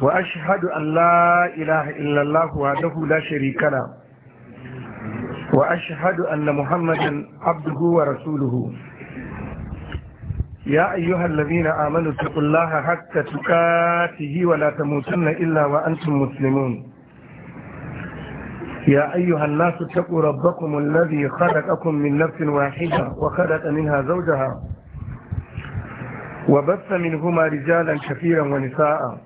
وأشهد أن لا إله إلا الله وحده لا شريك له وأشهد أن محمدا عبده ورسوله يا أيها الذين آمنوا اتقوا الله حتى تكاته ولا تموتن إلا وأنتم مسلمون يا أيها الناس اتقوا ربكم الذي خلقكم من نفس واحدة وخلق منها زوجها وبث منهما رجالا كثيرا ونساء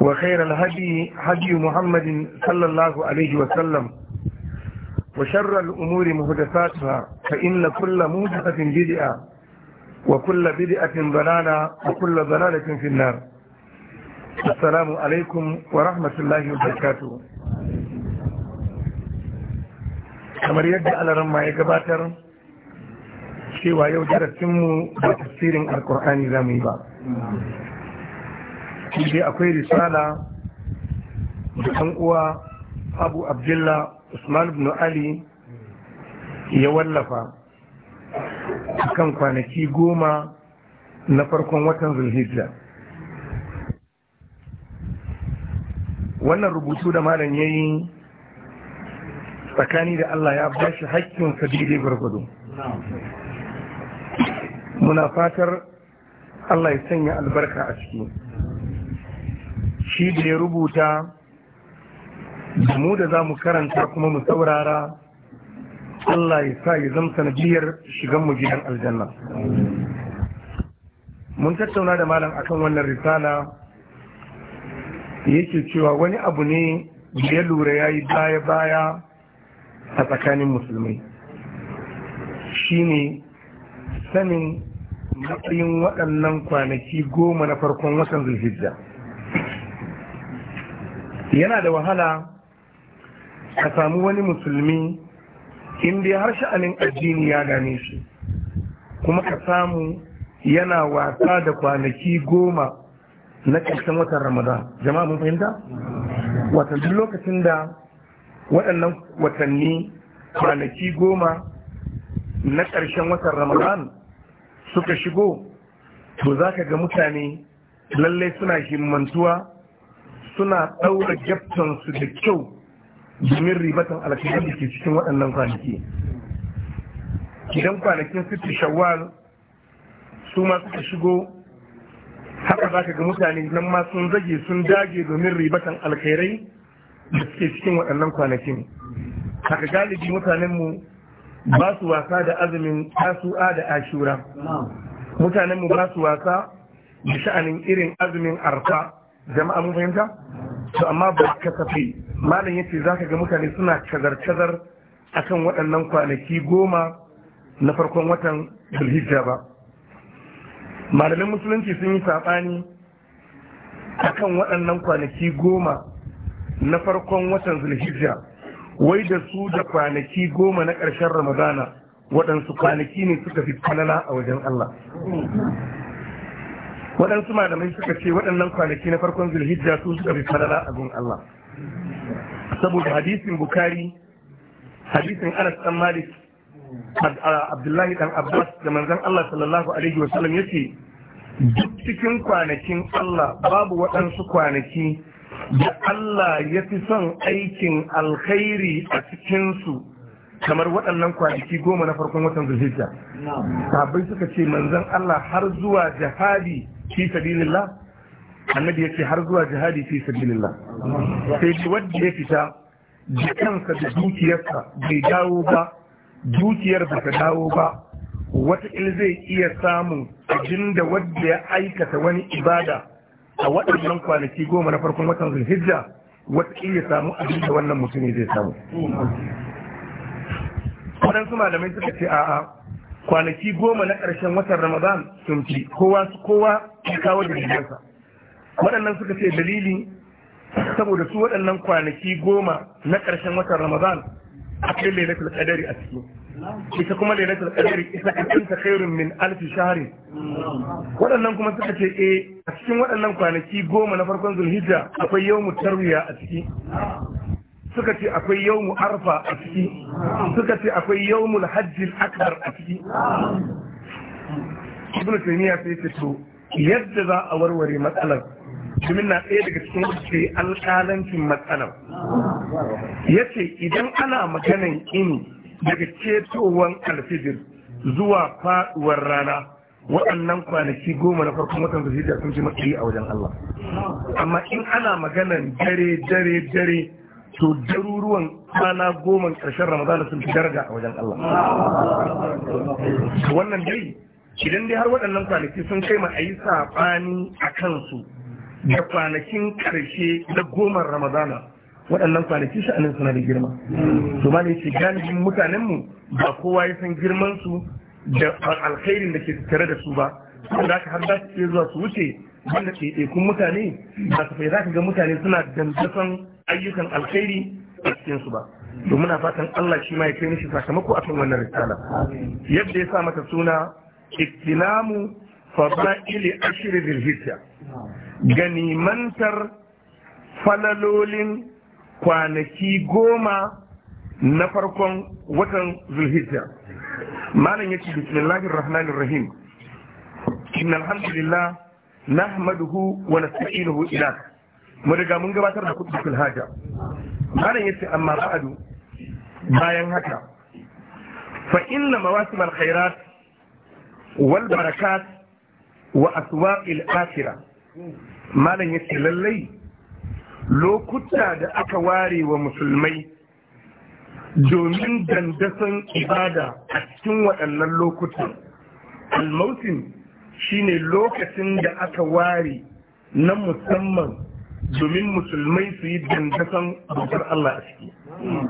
وخير الهدي هدي محمد صلى الله عليه وسلم وشر الأمور مهدفاتها فإن كل مهدفة بدئة وكل بدئة ضلالة وكل ضلالة في النار السلام عليكم ورحمة الله وبركاته kamar yadda alaran ma ya gabatar cewa yau darasinmu da tafsirin alkur'ani za mu yi ba shi dai akwai risala da ɗan uwa abu abdullah usman ibn ali ya wallafa kan kwanaki goma na farkon watan zulhijja wannan rubutu da malam ya yi tsakani da allah ya ba shi haƙƙin sabili gwargwado muna fatar allah ya sanya albarka a ciki shi da ya rubuta da mu da za mu karanta kuma mu saurara Allah ya sa ya zama sanadiyar shiganmu gidan aljanna mun tattauna da malam akan wannan risala yake cewa wani abu ne da ya lura ya yi baya-baya a tsakanin musulmai Shi ne sanin matsayin waɗannan kwanaki goma na farkon watan zulhijja yana da wahala a samu wani musulmi inda har sha'anin addini ya gane shi kuma ka samu yana wasa da kwanaki goma na ƙarshen watan ramadan jama'a mun fahimta watan duk lokacin da waɗannan watanni kwanaki goma na ƙarshen watan ramadan suka shigo to za ka ga mutane lallai suna himmantuwa suna ɗaura gyaftansu da kyau domin ribatan alkhairar da ke cikin waɗannan kwanaki idan kwanakin sitti shawwal su ma suka shigo haka za ka ga mutane nan ma sun zage sun dage domin ribatan alkhairai da suke cikin waɗannan kwanakin haka galibi mutanenmu ba su wasa da azumin tasu'a da ashura mutanenmu ba su wasa da sha'anin irin azumin arfa jama'a mun fahimta to amma ba kasafi malam yace zaka ga mutane suna kazar-kazar akan waɗannan kwanaki goma na farkon watan zulhijja ba malamin musulunci sun yi saɓani akan waɗannan kwanaki goma na farkon watan zulhijja wai da su da kwanaki goma na ƙarshen ramadana waɗansu kwanaki ne suka fi falala a wajen Allah waɗansu malamai suka ce waɗannan kwanaki na farkon zulhijja su suka fi farara a gun Allah saboda hadisin bukari hadisin anas dan malik abdullahi dan abbas da manzon Allah sallallahu alaihi wa sallam yace duk cikin kwanakin Allah babu waɗansu kwanaki da Allah ya fi son aikin alkhairi a cikinsu kamar waɗannan kwanaki goma na farkon watan zulhijja sahabbai suka ce manzon Allah har zuwa jihadi fi sabilillah annabi ce har zuwa jihadi fi sabilillah sai wanda ya fita jikansa da dukiyarsa bai dawo ba dukiyar ba ta dawo ba wataƙil zai iya samun abin da wanda ya aikata wani ibada a waɗannan kwanaki goma na farkon watan zulhijja wataƙil ya samu abin da wannan mutum zai samu waɗansu malamai suka ce a'a kwanaki goma na ƙarshen watan ramadan sun fi kowa kowa ya kawo dalilansa waɗannan suka ce dalili saboda su waɗannan kwanaki goma na ƙarshen watan ramadan kai lailatul qadari a ciki ita kuma lailatul qadari ita ta khairun min alf shahrin waɗannan kuma suka ce e a cikin waɗannan kwanaki goma na farkon zulhijja akwai yawmut tarwiya a ciki suka ce akwai yawmu arfa a ciki suka ce akwai yawmul hajjil akbar a ciki ibnu taymiya sai ce to yadda za a warware matsalar domin na ɗaya daga cikin ce alƙalancin matsalar ya ce idan ana maganan ini daga cetowan alfijir zuwa faɗuwar rana waɗannan kwanaki goma na farkon watan zuciya sun fi matsayi a wajen Allah amma in ana maganan dare dare dare to daruruwan kwana goma ƙarshen ramadana sun fi daraja a wajen Allah wannan dai idan dai har waɗannan kwanaki sun kai ma a yi saɓani a kansu da kwanakin ƙarshe na goma ramadana waɗannan kwanaki sha'anin suna da girma to ma ne shi galibin mutanenmu ba kowa ya san girmansu da alkhairin da ke tattare da su ba saboda haka har za su zuwa su wuce wanda ɗaiɗaikun mutane ba su fai za ga mutane suna dandasan ayyukan alkhairi a cikinsu ba Domin muna fatan Allah shi ma ya kai mishi sakamako akan wannan risala yadda ya sa mata suna iktinamu fada'ili ashri dhil ganimantar falalolin kwanaki goma na farkon watan zulhijja malam yaki bismillahir rahmanir rahim innal alhamdulillah. nahmaduhu wa nasta'inuhu inak mu riga mun gabatar da kutubatul haja malam yace amma ba'du bayan haka fa inna mawasim al khairat wal barakat wa aswaq al akhirah malam yace lallai lokuta da aka ware wa musulmai domin dandason ibada a cikin waɗannan lokutan al-mausim shine lokacin da aka ware na musamman domin musulmai su yi dandasan bautar Allah a ciki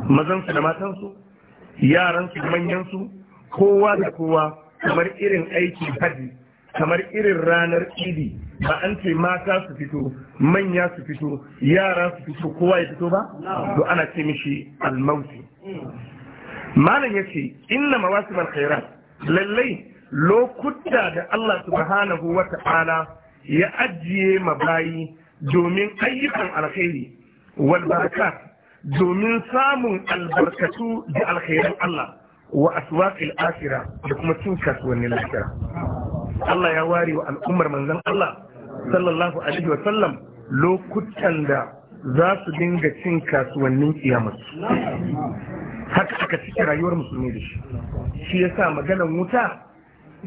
mazansu da matansu yaransu da manyansu kowa da kowa kamar irin aiki haji kamar irin ranar idi ba an ce mata su fito manya su fito yara su fito kowa ya fito ba to ana ce mishi almauti malam ya ce inna mawasim alkhairat lallai lokuta da Allah subhanahu wa ta'ala ya ajiye ma bayi domin ayyukan alkhairi wal domin samun albarkatu da alkhairin Allah wa aswaqil akhirah da kuma cin kasuwannin lafiya. Allah ya ware wa al'ummar manzon Allah sallallahu alaihi wa sallam lokutan da za su dinga cin kasuwannin kiyamar haka aka cika rayuwar musulmi da shi shi yasa maganar wuta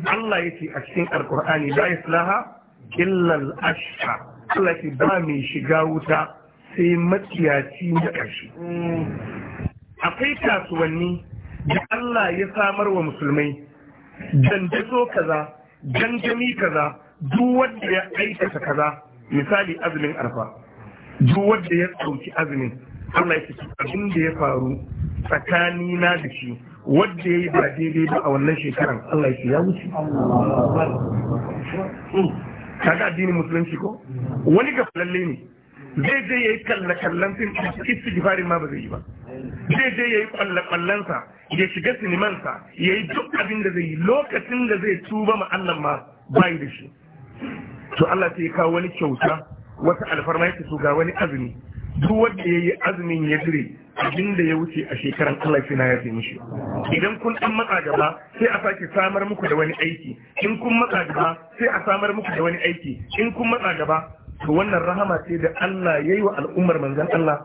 Allah yake a cikin alkur'ani la yaslaha illa al-ashqa Allah yake ba mai shiga wuta sai makiyaci na ƙarshe akwai kasuwanni da Allah ya samar wa musulmai dandazo kaza gangami kaza duk wanda ya aikata kaza misali azumin arfa duk wanda ya tsauki azumin Allah ya ce abin da ya faru tsakanina da shi wadda ya yi ba daidai ba a wannan shekaran Allah shi ya wuce hmm. kaga addinin musulunci ko wani ga falalle ne zai je yi kalla kallan fim istighfari ma ba zai yi ba zai je yayi yi kwallan ya shiga siniman ya yi duk abin da zai yi lokacin da zai tuba ma Allah ma bayi da shi to Allah sai ya kawo wani kyauta wata alfarma yake su ga wani azumi duk wanda yi azumin ya dire abin da ya wuce a shekaran Allah shi na ya fi mishi idan kun dan matsa gaba sai a sake samar muku da wani aiki in kun matsa gaba sai a samar muku da wani aiki in kun matsa gaba to wannan rahama ce da Allah ya yi wa al'ummar manzan Allah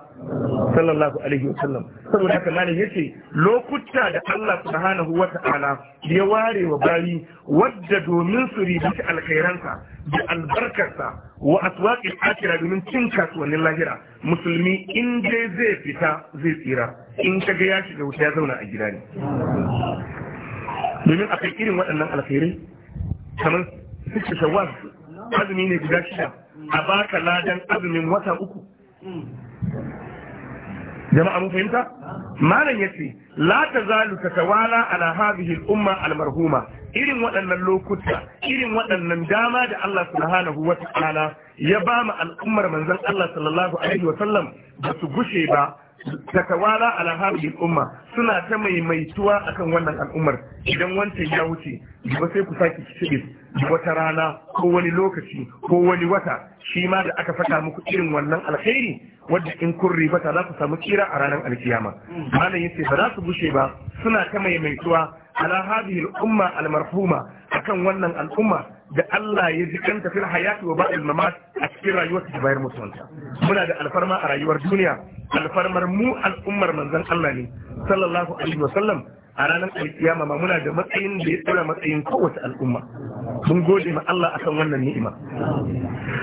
sallallahu alaihi wa sallam saboda haka malam yace lokuta da Allah subhanahu wa ta'ala ya ware wa bayi wadda domin su ribaci alkhairansa da albarkarsa wa aswaqil akhirah domin cin kasuwannin lahira musulmi in dai zai fita zai tsira in kaga ya shiga wuta ya zauna a gida ne domin akwai irin waɗannan alkhairai kamar sukta shawwal azumi ne guda shida a baka ladan azumin wata uku jama'a mun fahimta malam yace la tazalu tatawala ala hadhihi al-umma al-marhuma irin waɗannan lokuta irin waɗannan dama da Allah subhanahu wa ta'ala ya ba mu al'ummar manzon Allah sallallahu alaihi wa sallam ba su gushe ba tatawala ala hadhihi umma suna ta maimaituwa akan wannan al'ummar idan wancan ya wuce ba sai ku saki kicibis wata rana ko wani lokaci ko wani wata shi ma da aka saka muku irin wannan alkhairi wadda in kun ribata za ku samu kira a ranar alkiyama malam yace ba za su bushe ba suna ta maimaituwa ala hadhihi al'umma almarhuma akan wannan al'umma da Allah ya ji kanta fil hayati wa ba'il mamat a cikin rayuwar ta bayar mutuwanta muna da alfarma a rayuwar duniya alfarmar mu al'ummar manzon Allah ne sallallahu alaihi wa sallam a ranar alkiyama ma muna da matsayin da ya tsira matsayin kowace al'umma mun gode ma Allah akan wannan ni'ima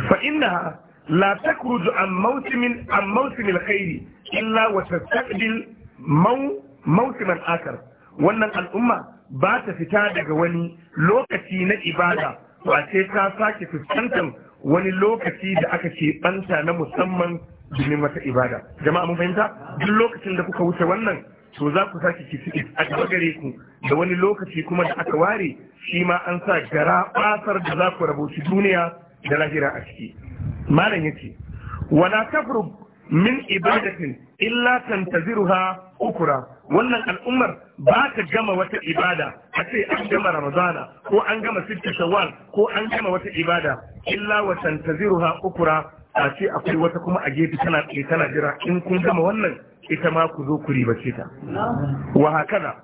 fa innaha la takhruju an mawsimin an mawsimil khairi illa wa tastaqbil maw mawsiman akar wannan al'umma ba ta fita daga wani lokaci na ibada to a ce ta sake fuskantar wani lokaci da aka ce banta na musamman domin wata ibada jama'a mun fahimta duk lokacin da kuka wuce wannan to za ku sake ki a gaba gare ku da wani lokaci kuma da aka ware shi ma an sa gara da za ku rabuci duniya da lahira a ciki malam yace wala tafrub min ibadatin illa tantaziruha ukura wannan al'ummar ba ta gama wata ibada a ce an gama ramadana ko an gama sitta shawwal ko an gama wata ibada illa wa tantaziruha ukura a ce akwai wata kuma a gefe tana tana jira in kun gama wannan ita ma ku zo ku ribace ta wa hakaza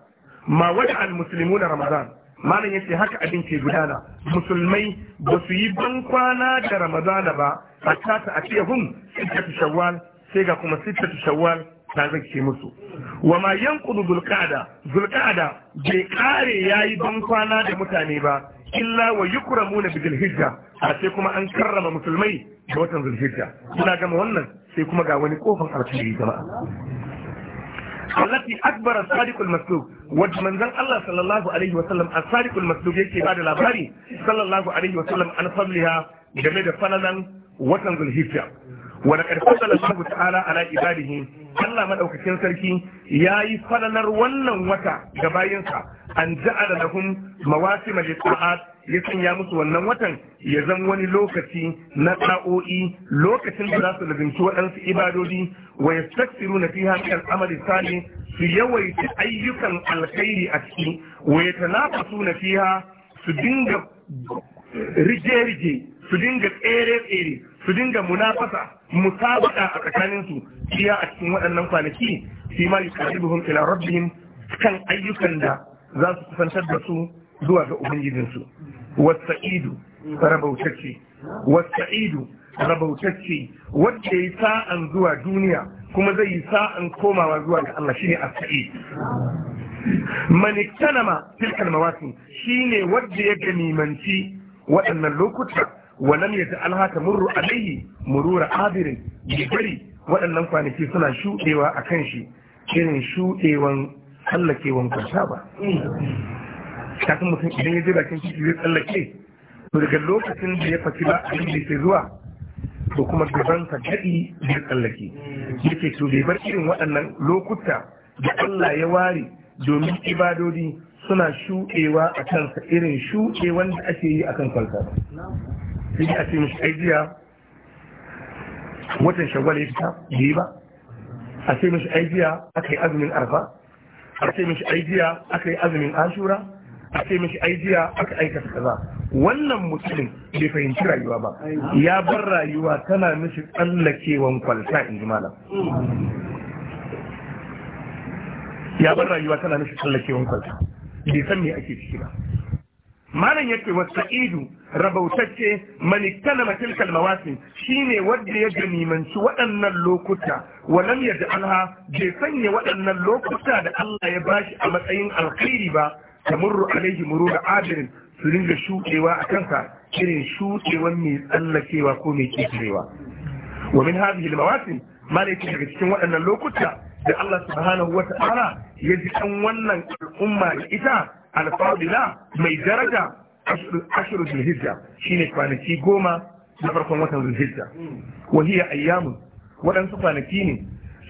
ma wata al na ramadan malam yace haka abin ke gudana musulmai ba su yi ban kwana da ramadana ba hatta ta atiyahum sittatu shawwal sai ga kuma sittatu shawwal ta zake musu wa ma yanqudu zulqada zulqada bai kare yayi ban kwana da mutane ba illa wa yukramuna bi zulhijja a sai kuma an karrama musulmai da watan zulhijja kuna gama wannan sai kuma ga wani kofan alkhairi jama'a التي أكبر الصادق المسلوب ومن ذن الله صلى الله عليه وسلم الصادق المسلوب يكي بعد الأباري صلى الله عليه وسلم عن فضلها جميل فلنا وتنزل هجة ولقد فضل الله ta'ala على عباده Allah maɗaukacin sarki ya yi falalar wannan wata ga bayinsa an ja'ala lahum mawasim al ya sanya musu wannan watan ya zan wani lokaci na sa'o'i lokacin da za su lazimci waɗansu ibadodi wa na fiha min al Sani su yawaita ayyukan alkhairi a ciki wa na fiha su dinga rige-rige su dinga tsere-tsere su dinga munafasa musabaka a tsakanin su iya a cikin waɗannan kwanaki fi ma yuqarribuhum ila rabbihim kan ayyukan da za su kusantar da su zuwa ga ubangijinsu wasa'idu rabautacce wasa'idu rabautacce wanda ya sa'an zuwa duniya kuma zai yi sa'an komawa zuwa ga Allah shine as-sa'id man iktanama shi shine wanda ya ganimanci waɗannan lokuta walam alhaka murru alaihi murura abirin bi bari waɗannan kwanaki suna shuɗewa a kan shi irin shuɗewan tsallakewan kwanta ba kafin mutum idan ya je bakin ciki zai tsallake to daga lokacin da ya faci ba abin da ke zuwa to kuma gaban ka daɗi zai tsallake yake to bai bar irin waɗannan lokuta da Allah ya ware domin ibadodi suna shuɗewa a kansa irin shuɗewan da ake yi a kan kwanta ba sai a ce shi aijiya watan shawwal ya fita yi ba a ce mishi aijiya aka yi azumin arfa a ce mishi aijiya aka yi azumin ashura a ce mishi aijiya aka aikata kaza wannan mutumin bai fahimci rayuwa ba ya bar rayuwa tana mishi tsallakewan kwalta in ji malam ya bar rayuwa tana mishi tsallakewan kwalta bai san me ake ciki ba malam yake wa sa'idu rabautacce Kalma tilkal mawasin shine wanda ya ganimanci waɗannan lokuta walam ya da alha bai sanya waɗannan lokuta da Allah ya bashi a matsayin alkhairi ba tamurru alaihi muru da adirin su dinga shuɗewa a kansa irin shuɗewan mai tsallakewa ko mai kifirewa wa min hadhihi almawasim malaki daga cikin waɗannan lokuta da Allah subhanahu wa ta'ala ya ji kan wannan al'umma da ita alfadila mai daraja ashirin zulhijja shine kwanaki goma na farkon watan zulhijja wahiya ayyamu waɗansu kwanaki ne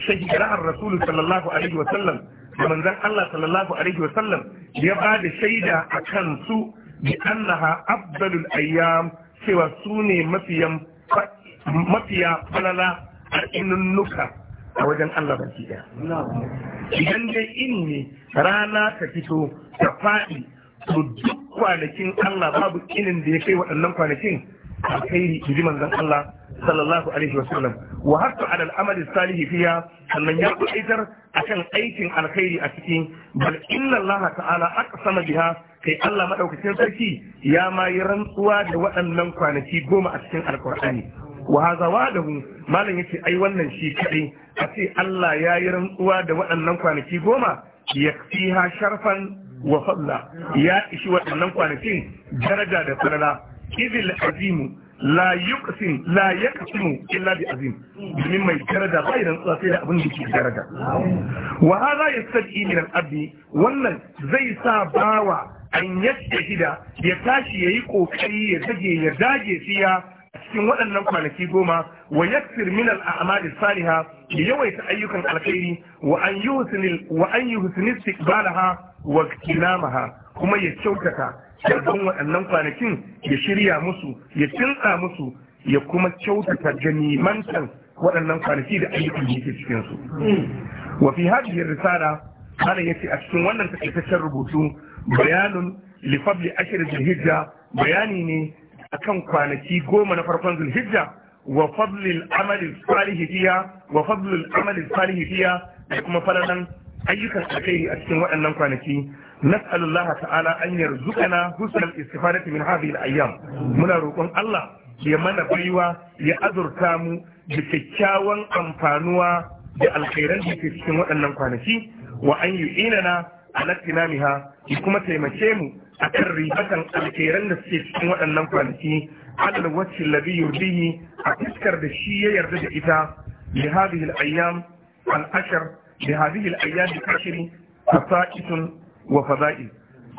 shahidar rasulu sallallahu alaihi sallam, da manzan Allah sallallahu alaihi sallam, ya ba da shaida a kan su, bi annaha afdalul ayyam cewa su ne mafiya falala a inunnuka a wajen Allah baki ɗaya. Idan dai ini ne rana ta fito ta faɗi to duk kwanakin Allah babu inin da ya kai waɗannan kwanakin alkhairi in ji manzon Allah sallallahu alaihi wasallam wa hatta ala al-amali salihi fiya sannan ya a akan aikin alkhairi a cikin bal inna Allah ta'ala aqsama biha kai Allah madaukakin sarki ya ma yi rantsuwa da waɗannan kwanaki goma a cikin alkur'ani wa haza malam yace ai wannan shi kadai a ce Allah ya yi rantsuwa da waɗannan kwanaki goma Ya sharfan wa fadla ya ishi waɗannan kwanakin daraja da falala idil azimu la yuqsim la yaqsimu illa bi azim domin mai daraja bai rantsuwa sai da abin da ke daraja wa hadha yastadi min al-abdi wannan zai sa bawa an shida. ya tashi yayi kokari ya dage ya dage siya cikin waɗannan kwanaki goma wa yaksir min al'amali saliha ya yawaita ayyukan alkhairi wa an yuhsini wa an yuhsini istiqbalaha wa kinamaha kuma ya kyautata shirgan waɗannan kwanakin ya shirya musu ya tsinta musu ya kuma kyautata ganimantan waɗannan kwanaki da ayyukan da yake cikin su wa fi hadhihi risala kana yace a cikin wannan takaitaccen rubutu bayanun li fadli ashr dhulhijja bayani ne akan kwanaki goma na farkon zulhijja wa fadlil amali salih fiya wa fadlil amali salih fiya da kuma falalan ayyukan alkhairi a cikin waɗannan kwanaki nas'alullaha ta'ala an yarzuqana husnal istifadati min hadhihi al-ayyam muna roƙon Allah ya mana baiwa ya azurta mu da kyakkyawan amfanuwa da alkhairan da ke cikin waɗannan kwanaki wa an yi inana a lattinamiha ya kuma taimake mu a kan ribatan alkeran da suke cikin waɗannan kwanaki alal wacce labi yurdihi a fuskar da shi ya yarda da ita li hadhihi al-ayyam al-ashr li hadhihi al-ayyam al-ashr fasa'itun wa fada'i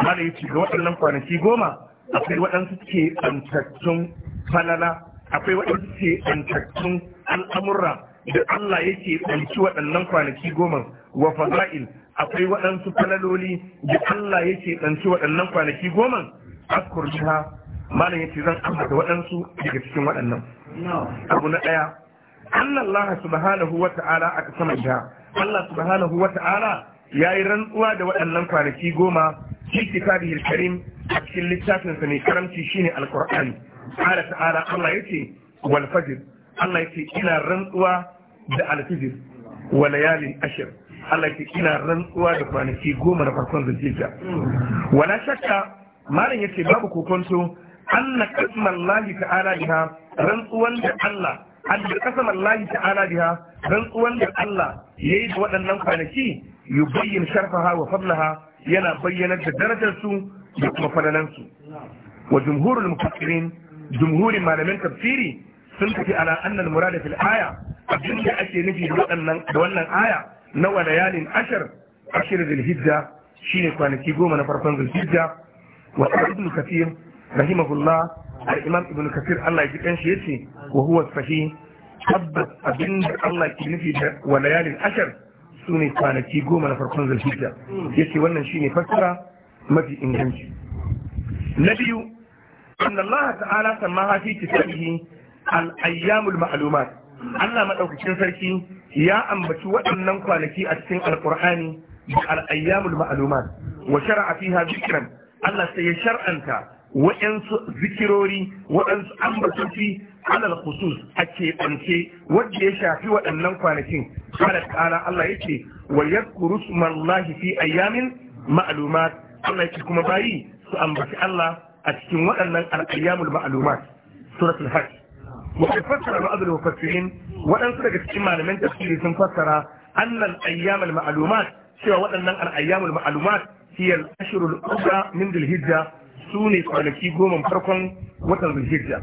mala yace ga waɗannan kwanaki goma akwai waɗansu suke antattun falala akwai waɗansu suke antattun al'amurra da Allah yake ɗauki waɗannan kwanaki goma wa fada'il akwai waɗansu falaloli da Allah yake ɗanci waɗannan kwanaki goma askur biha malam ce zan ambata waɗansu daga cikin waɗannan abu na ɗaya Allah subhanahu wa ta'ala aka sama da Allah subhanahu wa ta'ala yayi rantsuwa da waɗannan kwanaki goma shi kitabi karim a cikin littafinsa sa mai karamci shine alkur'ani ala ta'ala Allah yace wal fajr Allah yace ina rantsuwa da alfijir wa layalin ashir Allah ke ina rantsuwa da kwanaki goma na farkon zulhijja wala shakka malam yace babu kokonto anna qasman ta'ala biha rantsuwan da Allah anna qasman ta'ala biha rantsuwan da Allah yayi da waɗannan kwanaki yubayyin sharfaha wa fadlaha yana bayyana da darajar su da kuma fadalan su wa jumhurul mufassirin jumhurin malamin tafsiri sun tafi ala anna murada fil aya abinda ake nufi da wannan aya na walayalin ashar ashir zulhijja shine kwanaki goma na farkon zulhijja wa ibn kathir rahimahullah al-imam ibn kathir Allah ya ji kanshi yace wa huwa sahih tabbas abinda Allah ke nufi da walayalin ashar sune kwanaki goma na farkon zulhijja yace wannan shine fassara mafi inganci na biyu anna Allah ta'ala samaha fi kitabihi al-ayyamul ma'lumat Allah maɗaukacin sarki ya ambaci waɗannan kwanaki a cikin alƙur'ani da al'ayyamul ma'aluma. wa shar'a fiha zikran Allah sai ya shar'anta waɗansu zikirori waɗansu ambatoci alal khusus a keɓance wadda ya shafi waɗannan kwanakin kada ta'ala Allah yake wa yadhkuru smallahi fi ayyamin ma'lumat Allah yake kuma bayi su ambaci Allah a cikin waɗannan al-ayyamul ma'lumat suratul hajj وقد فسر بعض المفسرين وأن سبق كما من تفسير فسر أن الأيام المعلومات سوى وأن الأيام المعلومات هي الأشهر الأولى من ذي الهجة سوني فالكي قوم فرقا وطن ذي الهجة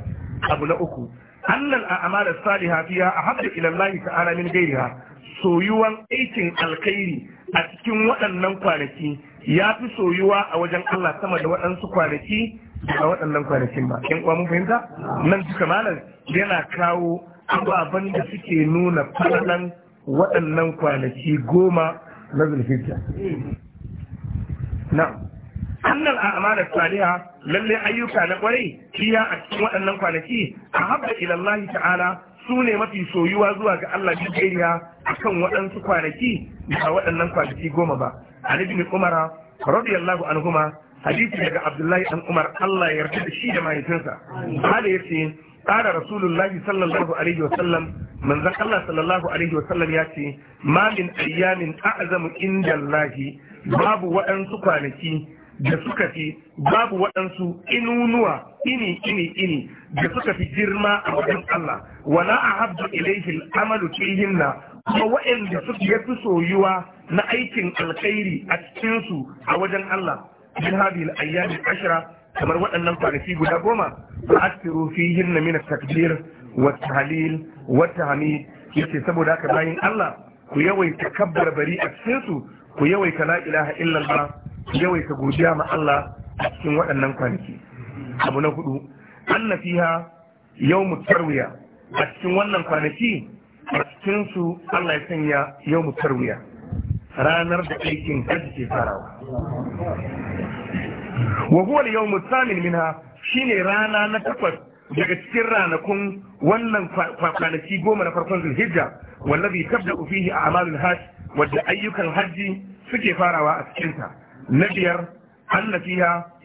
أبو لأكو أن الأعمال الصالحة فيها أحب إلى الله تعالى من غيرها soyuwan aikin alkhairi a cikin waɗannan kwanaki ya fi soyuwa a wajen Allah sama da waɗansu kwanaki a waɗannan kwanakin ba in kuwa mun fahimta nan duka malam yana kawo ababen da suke nuna falalan waɗannan kwanaki goma na zulhijja na'am a amalar salihah lalle ayyuka na kwarai kiya a cikin waɗannan kwanaki a habda ilallahi Allah ta'ala su ne mafi soyuwa zuwa ga Allah bi gairiya akan waɗansu kwanaki ba waɗannan kwanaki goma ba an ibn umara radiyallahu anhuma hadisi daga abdullahi dan umar allah ya yarda da shi da mahaifinsa hada ya ce قال رسول الله صلى الله عليه وسلم من ذا الله صلى الله عليه وسلم ياتي ما ayyamin a'zamu inda عند babu waɗansu kwanaki da suka fi babu waɗansu inunuwa ini ini ini da suka fi girma a wajen Allah wala a habdu ilaihi al'amalu fihinna kuma waɗanda suka yafi soyuwa na aikin alkhairi a cikinsu a wajen Allah min hadhihi al-ayyam al kamar waɗannan kwanaki guda goma a asiru fihinna min at-takbir wa at-tahlil wa at-tahmid yace saboda haka bayin Allah ku yawaita kabbar bari a cikinsu ku yawaita la ilaha illallah ku yawaita godiya ma Allah a cikin waɗannan kwanaki abu na hudu anna fiha yawmut tarwiya a cikin wannan kwanaki a cikin Allah ya sanya yawmut tarwiya ranar da aikin hajji ke farawa wa huwa al-yawm al-thamin minha shine rana na takwas daga cikin ranakun wannan kwanaki goma na farkon zulhijja wallazi tabda'u a a'malul hajj wadda ayyukan hajji suke farawa a cikinta. na biyar anna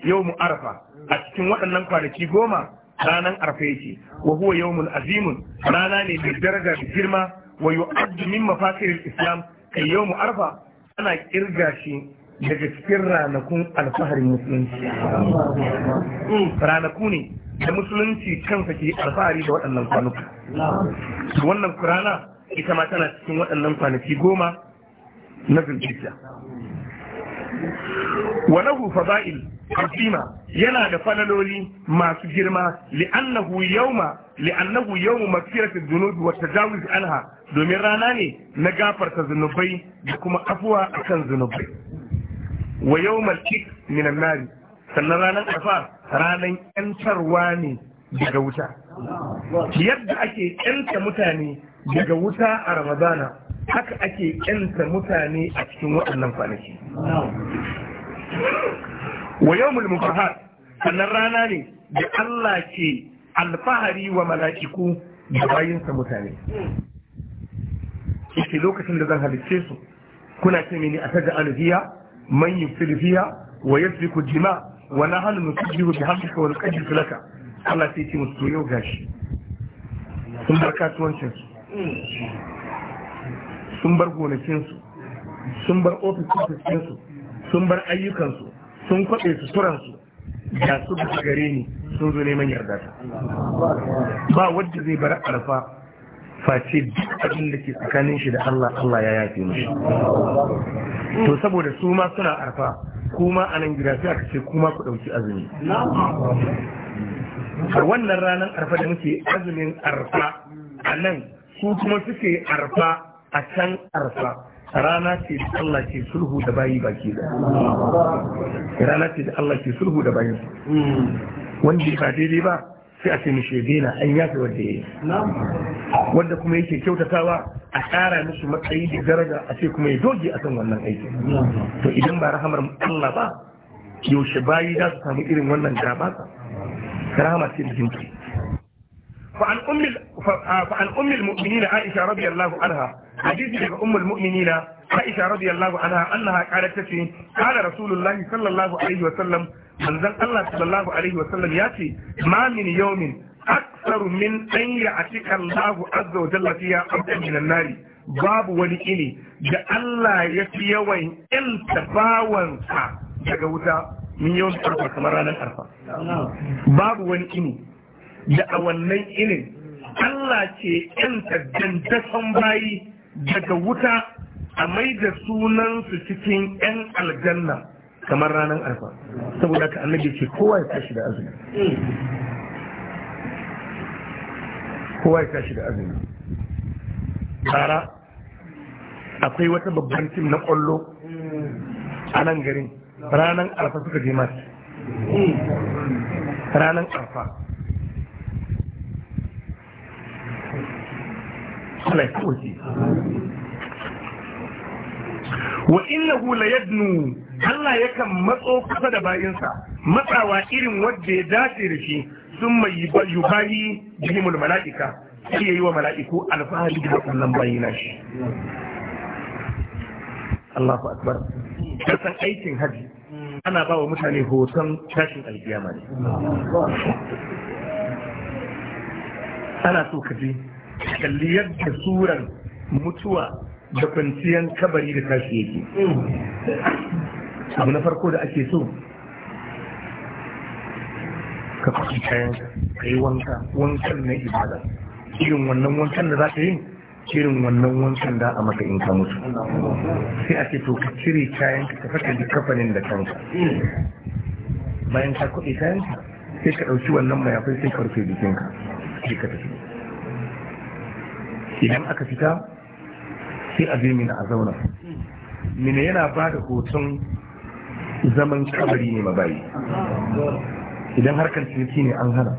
yau mu arafa a cikin waɗannan kwanaki goma ranan arfa yake wa huwa yawmun azimun rana ne mai daraja da girma wa yu'addu min islam kai mu arafa ana kirga shi daga cikin ranakun alfaharin musulunci ranaku ne da musulunci kansa ke alfahari da waɗannan kwanuka wannan kurana ita ma tana cikin waɗannan kwanaki goma na zulhijja wa lahu fada'il azima yana da falaloli masu girma li'annahu yawma li'annahu yawmu magfiratiz dhunubi wa tajawuz anha domin rana ne na gafarta zunubai da kuma afuwa akan zunubai wa yau malkik minan nari sannan ranar afa ranar yantarwa ne daga wuta yadda ake yanta mutane daga wuta a ramadana haka ake yanta mutane a cikin waɗannan kwanaki wa yau mufahar sannan rana ne da Allah ke alfahari wa mala'iku da bayinsa mutane yake lokacin da zan halicce su kuna ce mini a taja alhiya man yufsidu fiha wa yasfiku dima wa nahnu nusabbihu bihamdika wa nuqaddisu laka Allah sai ce musu to gashi sun bar kasuwancin su sun bar gonakin su sun bar ofis ofis sun bar ayyukan su sun kwabe suturan su da su gare ni sun zo neman yarda ta ba wanda zai bar arfa face duk abin da ke tsakanin shi da Allah Allah ya yafe mishi to saboda su ma suna arfa kuma a nan gida sai aka ce kuma ku ɗauki azumi a wannan ranar arfa da muke azumin arfa a nan su kuma suke arfa a can arfa rana ce da Allah ke sulhu da bayi baki da rana ce da Allah ke sulhu da bayi wanda ba daidai ba sai a ce mishi ya daina an yafe wanda ya yi wanda kuma yake kyautatawa a tsara mishi matsayi da daraja a ce kuma ya doge a akan wannan aiki to idan ba rahamar Allah ba yaushe bayi za su samu irin wannan gaba rahama ce da jinki فعن أم فعن أم المؤمنين عائشة رضي الله عنها حديث عن أم المؤمنين عائشة رضي الله عنها أنها قالت تشي قال رسول الله صلى الله عليه وسلم أنزل الله صلى الله عليه وسلم يأتي ما من يوم أكثر من أن يعتق الله عز وجل فيها عبدا من النار باب ولئني da Allah ya fi yawan iltafawansa daga wuta min yawan arfa kamar ranar arfa babu wani ini da a wannan inin Allah ce ‘yanta dantasan bayi daga wuta a mai da sunansu cikin ‘yan aljanna kamar ranar alfa saboda ka annabi ce kowa ya tashi da azumi kowa ya tashi da azumi bara akwai wata babban tim na kwallo a nan garin ranar alfa suka je masu ranar alfa Wa ya kauce la yadnu Allah yakan matso kusa da bayinsa matsawa irin wanda ya dace da shi sun mai yubahi bihimul mala'ika sai yayi wa mala'iku alfahari da wannan bayina shi Allahu akbar kasan aikin haji ana ba wa mutane hoton tashin alkiyama ne ana so ka je kalli yadda suran mutuwa da kwanciyar kabari da tashi yake abu na farko da ake so ka fi kayan ka yi wanka wankan na ibada irin wannan wankan da za ka yi irin wannan wankan da a maka in ka mutu sai a ce to ka cire kayan ka ka saka kafanin da kanka bayan ka kuɗi kayan ka sai ka ɗauki wannan mayafai sai ka rufe jikinka sai ka tafi idan aka fita sai a je mina a zauna mina yana ba da hoton zaman kabari ne mabayi idan harkar ciniki ne an hana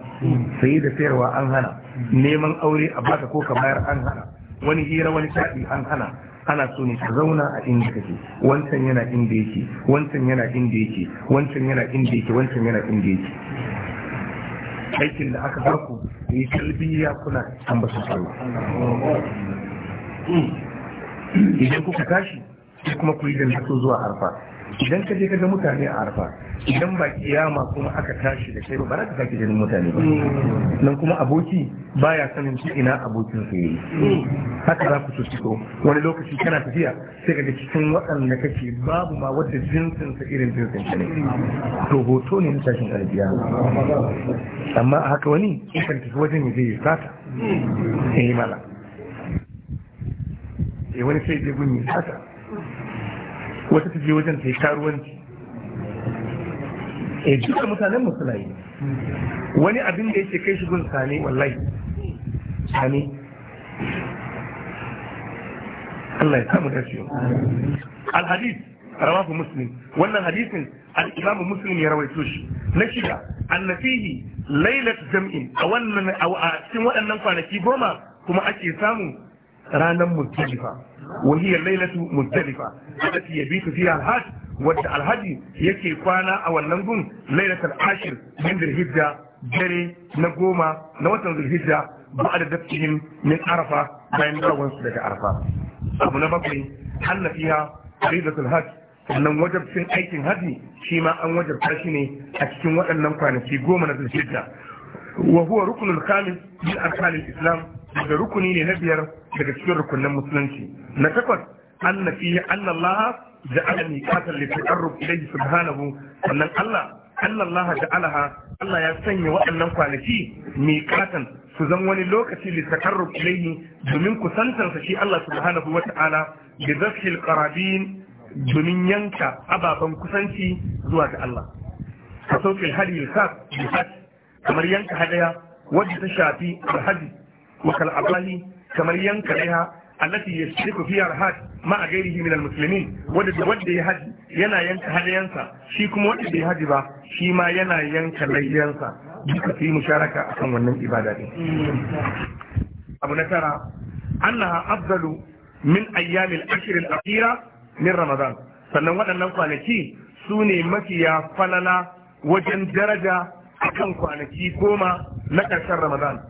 sayi da sayarwa an hana neman aure a ba ko ka bayar an hana wani hira wani shaɗi an hana ana so ne ka zauna a inda kake wancan yana inda yake wancan yana inda yake wancan yana inda yake wancan yana inda yake aikin da aka da yi ya kuna ambata Allah idan kuka tashi sai kuma ku yi da zuwa arfa idan ka je ka ga mutane a arfa idan ba kiyama kuma aka tashi da kai ba za ka sake ganin mutane ba nan kuma aboki baya sanin shi ina abokin su yi haka za ku so wani lokaci kana tafiya sai ka ga cikin waɗanda kake babu ma wadda jinsin sa irin jinsin ka ne to hoto ne na tashin aljiya amma a haka wani ka tafi wajen ya je ya sata sai eh, mala eh wani sai je gun ya sata wata ta je wajen ta yi karuwanci e duka mutanen mu suna yi wani abin da yake kai shi gun sane wallahi sane Allah ya samu dace al Alhadis, rawahu muslim wannan hadisin al-imamu muslim ya rawaito shi na shiga annafihi lailat jam'in a wannan a cikin waɗannan kwanaki goma kuma ake samu ranar mutalifa وهي الليلة مزدلفة ya يبيت فيها alhaj wadda alhaji yake kwana a wannan gun lailatul ashir min zulhijja dare na goma na watan zulhijja ba da dafkihin yin arafa bayan dawowan su daga arafa abu na bakwai anna fiha faridatul hajj wannan wajabcin aikin hajji shi ma an wajabta shi ne a cikin waɗannan kwanaki goma na zulhijja wa huwa rukunul khamis min arkanil islam daga rukuni ne na biyar daga cikin rukunin musulunci na takwas anna fihi anna Allah ja'ala miqatan li taqarrub ilayhi subhanahu sannan Allah anna Allah Allah ya sanya waɗannan kwanaki miqatan su zan wani lokaci li taqarrub ilayhi domin kusantarsa shi Allah subhanahu wata'ala da zafil qarabin domin yanka ababen kusanci zuwa ga Allah ka sauƙin hadiyar sa kamar yanka hadaya wadda ta shafi alhaji wakal kamar yanka laiha allati yashriku fiha al-had ma ghairihi min al wanda wanda ya haji yana yanka hadayansa shi kuma wanda bai haji ba shi ma yana yanka layyansa duka su yi musharaka akan wannan ibada din abu na tara annaha afdalu min ayyam al-ashr al-akhira min ramadan sannan waɗannan kwanaki su ne mafiya falala wajen daraja akan kwanaki goma na ƙarshen ramadan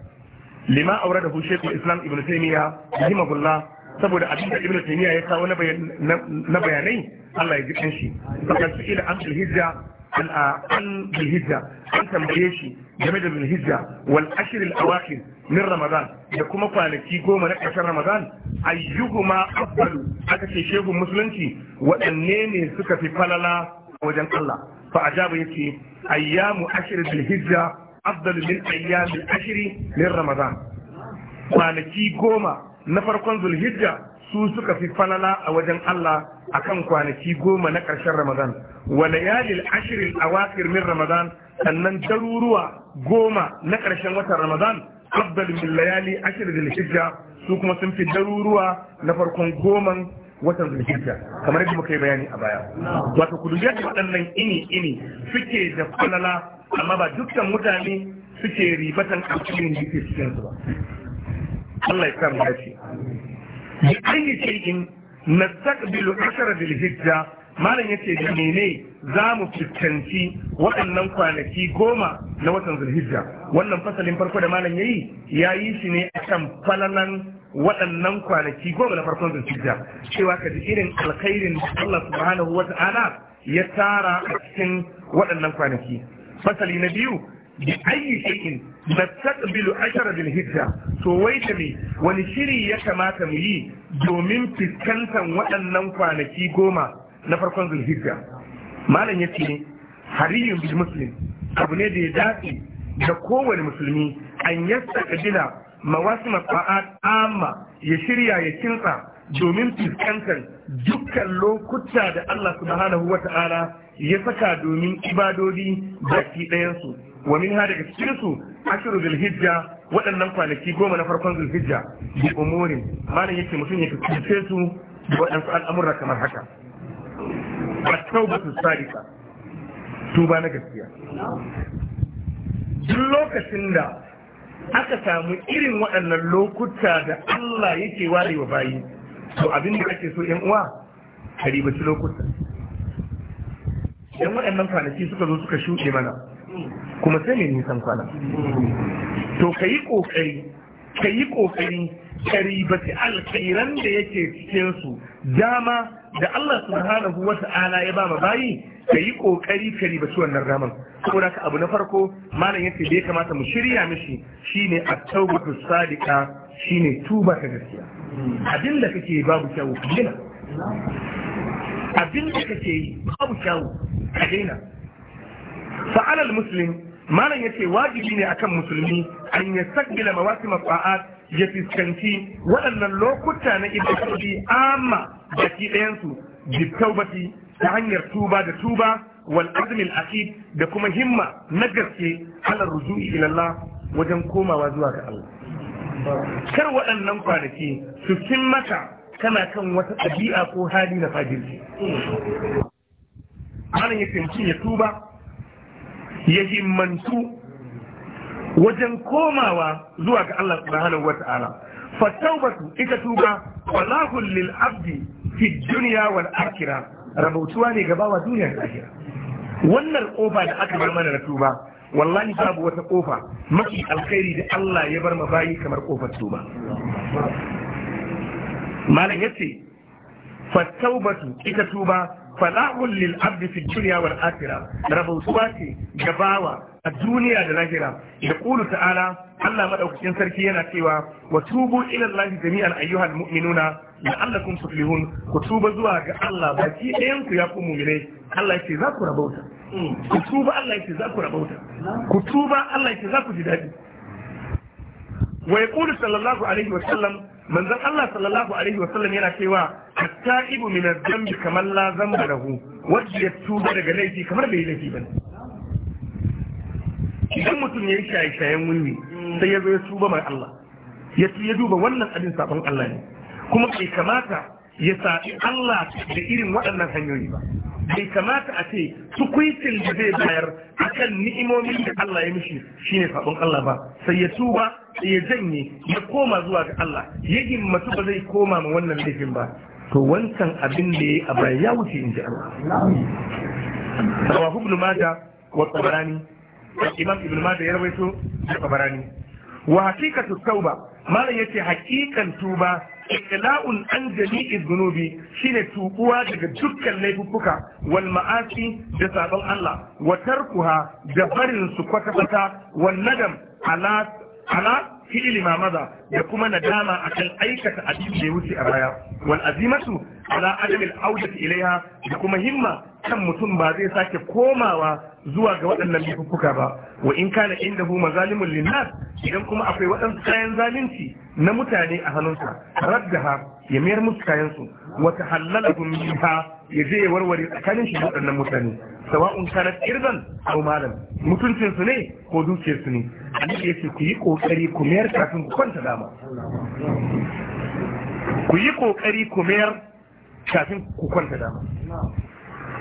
lima hushe shaykhul islam ibnu taymiya rahimahullah saboda abinda Ibn taymiya ya kawo na bayanai Allah ya ji kanshi fakan su ila amsul hijja an bil hijja an tambaye shi game da bil hijja wal ashr al awakhir min ramadan da kuma kwanaki goma na ƙarshen ramadan ayyuhuma afdalu aka ce shehu musulunci waɗanne ne suka fi falala wajen Allah fa ajabu yace ayyamu ashr bil hijja afdalu min ayyamin ashiri min ramadan kwanaki goma na farkon zulhijja su suka fi falala a wajen Allah akan kwanaki goma na ƙarshen ramadan wa layalil ashiri awakhir min ramadan sannan daruruwa goma na ƙarshen watan ramadan afdalu min layali ashiri hijja su kuma sun fi daruruwa na farkon goman watan zulhijja kamar yadda muka yi bayani a baya wato ku dubi yadda waɗannan ini ini suke da falala amma ba dukkan mutane suke ribatan alƙalin da yake cikin su ba Allah ya sa mu dace bi in na nastaqbilu ashara zulhijja hijja malam ya ce da mene za mu fuskanci waɗannan kwanaki goma na watan zulhijja wannan fasalin farko da malam ya yi ya yi shi ne a kan falalan waɗannan kwanaki goma na farkon zulhijja cewa ka ji irin alkhairin da Allah subhanahu wa ta'ala ya tara a cikin waɗannan kwanaki fasali na biyu bi ayi da nastaqbilu ashara bil hijja to wai ta me wani shiri ya kamata mu yi domin fuskantar waɗannan kwanaki goma na farkon zulhijja malam ya ce hariyun bil muslim abu ne da ya dace da kowane musulmi an yasta kabila mawasu mafa'at amma ya shirya ya kintsa domin fuskantar dukkan lokuta da Allah subhanahu wa ta'ala ya saka domin ibadodi da baki ɗayansu wa min ha daga cikin su ashiru zulhijja waɗannan kwanaki goma na farkon zulhijja bi umurin malam yake mutum ya kace su da waɗansu al'amurra kamar haka a taubatu sadiqa tuba na gaskiya duk lokacin da aka samu irin waɗannan lokuta da Allah yake ware wa bayi to abin da ake so yan uwa ka lokuta yan waɗannan kwanaki suka zo suka shuɗe mana kuma sai ne nisan kwana to ka yi ƙoƙari ka yi ƙoƙari karibati alkhairan da yake cikin su dama da Allah subhanahu wa ta'ala ya ba bayi ka yi kokari karibati wannan ramar saboda ka abu na farko malam yace bai kamata mu shirya mishi shine at-tawbatu sadiqa shine tuba ta gaskiya abin da kake babu kyau gina abin da kake yi babu kyau ka daina fa alal muslim malam yace wajibi ne akan musulmi an yasqila mawasim fa'at ya fuskanci waɗannan lokuta na ibadodi amma baki ɗayansu bitaubati ta hanyar tuba da tuba wal azmil aqid da kuma himma na gaske ala ruju'i ila Allah wajen komawa zuwa ga Allah kar waɗannan kwanaki su kin mata kana kan wata ɗabi'a ko hali na fajirci malam ya mutum ya tuba ya himmantu wajen komawa zuwa ga Allah subhanahu wa ta'ala fattaubatu ita tuba falahul lil abdi fi dunya wal rabautuwa ne ga wa duniya da a'kira. wannan kofa da aka bar mana na tuba wallahi babu wata kofa mafi alkhairi da Allah ya bar mabayi kamar kofar tuba malam yace fattaubatu ita tuba fala'un lil abdi fi dunya wal akhirah rabautuwa ce gabawa a duniya da lahira da qulu ta'ala Allah madaukakin sarki yana cewa wa tubu ila Allah jami'an ayyuhal mu'minuna la'allakum tuflihun ku tuba zuwa ga Allah baki ɗayan ku ya ku mu'mine Allah ya ce za ku rabauta ku tuba Allah ya ce za ku rabauta ku tuba Allah ya ce za ku ji daɗi wa yaqulu sallallahu alaihi wa sallam manzon Allah sallallahu alaihi wa sallam yana cewa التائب من الذنب kamar la zamba له wanda ya tuba daga laifi kamar bai laifi ba idan mutum ya yi shaye-shayen wuni sai ya zo ya tuba mai Allah ya ya duba wannan abin sabon Allah ne kuma bai kamata ya saɓi Allah da irin waɗannan hanyoyi ba bai kamata a ce sukwitin da zai bayar akan ni'imomin da Allah ya mishi shine sabon Allah ba sai ya tuba ya janye ya koma zuwa ga Allah ya himmatu ba zai koma ma wannan laifin ba to wancan abin da ya baya ya wuce in ji Allah rawahu ibn majah wa tabarani imam ibn Mada ya rawaito da tabarani wa haqiqatu tauba malam yace haqiqan tuba ikla'un an jami'i zunubi shine tubuwa daga dukkan laifuffuka wal ma'asi da sabon Allah wa tarkuha da barin su kwata-kwata wal nadam ala ala fi'li ma maza da kuma nadama akan aikata abin da ya wuce a baya wal azimatu ala adam al audati ilaiha da kuma himma kan mutum ba zai sake komawa zuwa ga waɗannan laifuka ba wa in kana indahu mazalimun linnas idan kuma akwai waɗansu kayan zalunci na mutane a hannunsa raddaha ya mayar musu kayan su wa tahallala minha ya je ya warware tsakanin shi waɗannan mutane sawa'un kanat irzan ko malam mutuncin su ne ko dukiyar su ne annabi yace ku yi kokari ku mayar kafin ku kwanta dama ku yi kokari ku mayar kafin ku kwanta dama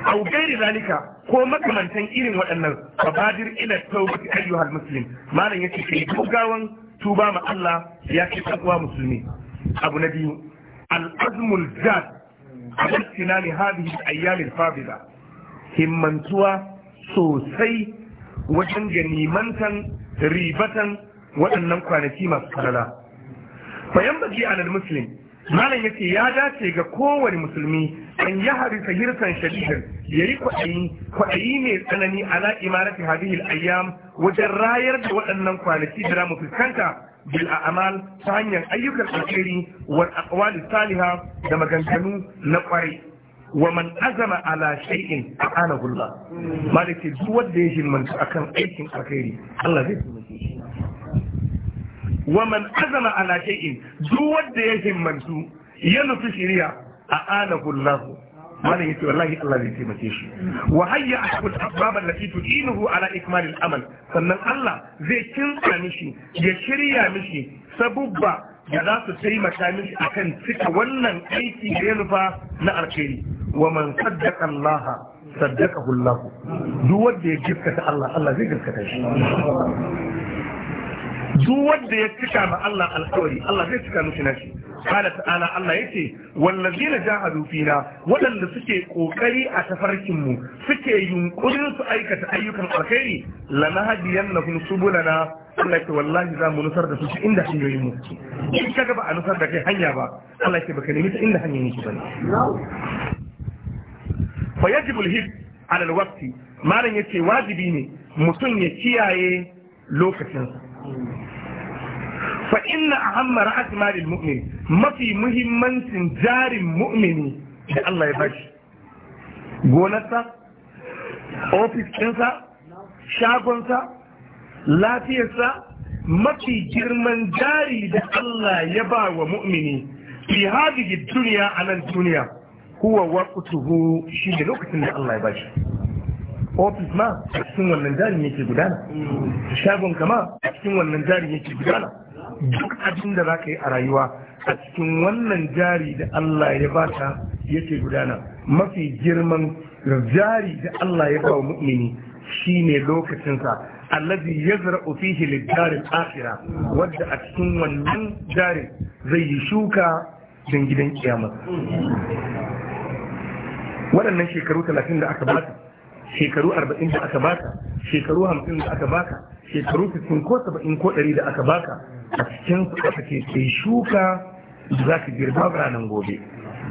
aw gairi zalika ko makamantan irin waɗannan fabadir ila tawbati ayyuhal muslim malam yace kai gaggawan tuba ma Allah ya ce uwa musulmi abu na biyu al-azmul jad alattina li hadhihi al-ayyam himmantuwa sosai wajen ganimantan ribatan waɗannan kwanaki masu falala bayan baki alal muslim malam yace ya dace ga kowane musulmi an ya harisa hirsan shari'ar ya yi kwaɗayi kwaɗayi mai tsanani ala imarati hadhihi al-ayyam wajen rayar da waɗannan kwanaki da mu fuskanta bil a'mal ta hanyar ayyukan alheri wal aqwali da maganganu na kwarai wa man azama ala shay'in aqana gulla malaki duk wanda ya himmanta akan aikin alheri Allah azama ala shay'in duk wanda ya himmantu ya nufi shari'a a'ana mana yace wallahi Allah zai taimake shi Wahayya hayya ahbul asbab allati tu'inuhu ala ikmal al-amal sannan Allah zai kinsa mishi ya shirya mishi sabubba da za su taimaka mishi akan cika wannan aiki da nufa na alkhairi wa man saddaqa Allah saddaqahu Allah duk wanda ya gaskata Allah Allah zai gaskata shi duk wanda ya cika ma Allah alkawari Allah zai cika na nashi kala ta Allah ya ce wallazi na jahadu Rufina waɗanda suke ƙoƙari a tafarkinmu suke yunƙurin su aikata ayyukan alkhairi la na hadiyan na kuma subulana Allah ke wallahi za mu nusar da su ci inda hanyoyin mu ka ba a nusar da kai hanya ba Allah ke baka nemi ta inda hanyoyin ki bane fa yajibu alhid ala alwaqti malan yace wajibi ne mutum ya kiyaye lokacinsa. fa inna ahamma ra'ati malil mu'min mafi muhimmancin jarin mu'mini da Allah ya bashi gonarsa ofis ɗinsa shagonsa lafiyarsa mafi girman jari da Allah ya ba wa mu'mini fi hadhihi duniya a nan duniya huwa waqtuhu shi da lokacin da Allah ya bashi ofis ma a cikin wannan jarin yake gudana shagon kama a cikin wannan jarin yake gudana duk abin da za ka yi a rayuwa a cikin wannan jari da Allah ya ba ta yake gudana mafi girman jari da Allah ya ba wa mu'mini ne lokacinsa allazi yazra'u fihi lid-daril akhirah wadda a cikin wannan jari zai yi shuka don gidan kiyamar waɗannan shekaru 30 da aka bata shekaru 40 da aka baka shekaru 50 da aka baka shekaru 60 ko 70 ko 100 da aka baka a cikin su shuka za ka girba ranar gobe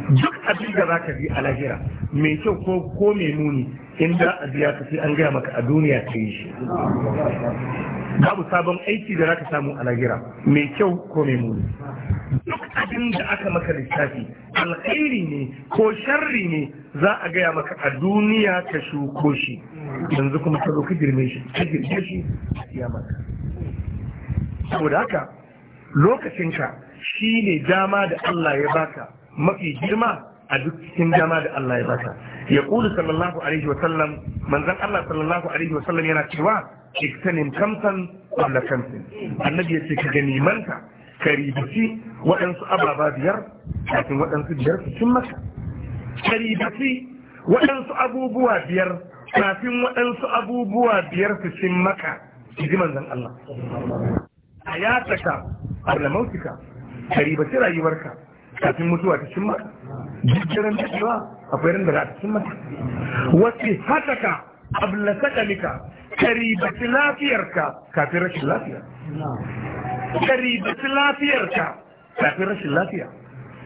duk abin da za ka bi a lahira mai kyau ko ko mai muni in a biya ka sai an gaya maka a duniya ta yi shi babu sabon aiki da za ka samu a lahira mai kyau ko mai muni duk abin da aka maka lissafi alkhairi ne ko sharri ne za a gaya maka a duniya ka shuko shi yanzu kuma ka zo ka girme shi ka girme shi siya maka saboda haka lokacinka shi ne dama da Allah ya baka mafi girma a duk cikin dama da Allah ya baka ya kulu sallallahu alaihi wasallam manzon Allah sallallahu alaihi wasallam yana cewa "Iktanin kamsan wala kamsin annabi ya ce ka gani manta ka ribici waɗansu ababa biyar kafin waɗansu biyar su cin maka ka ribici waɗansu abubuwa biyar kafin waɗansu abubuwa biyar su cin maka ji manzon Allah hayataka qabla mautika ka ribaci rayuwarka kafin mutuwa ta cimma jikiran daɗewa akwai ran da za ta cimma wasu hataka saka sakalika ka ribaci lafiyarka kafin rashin lafiya ka lafiyarka kafin rashin lafiya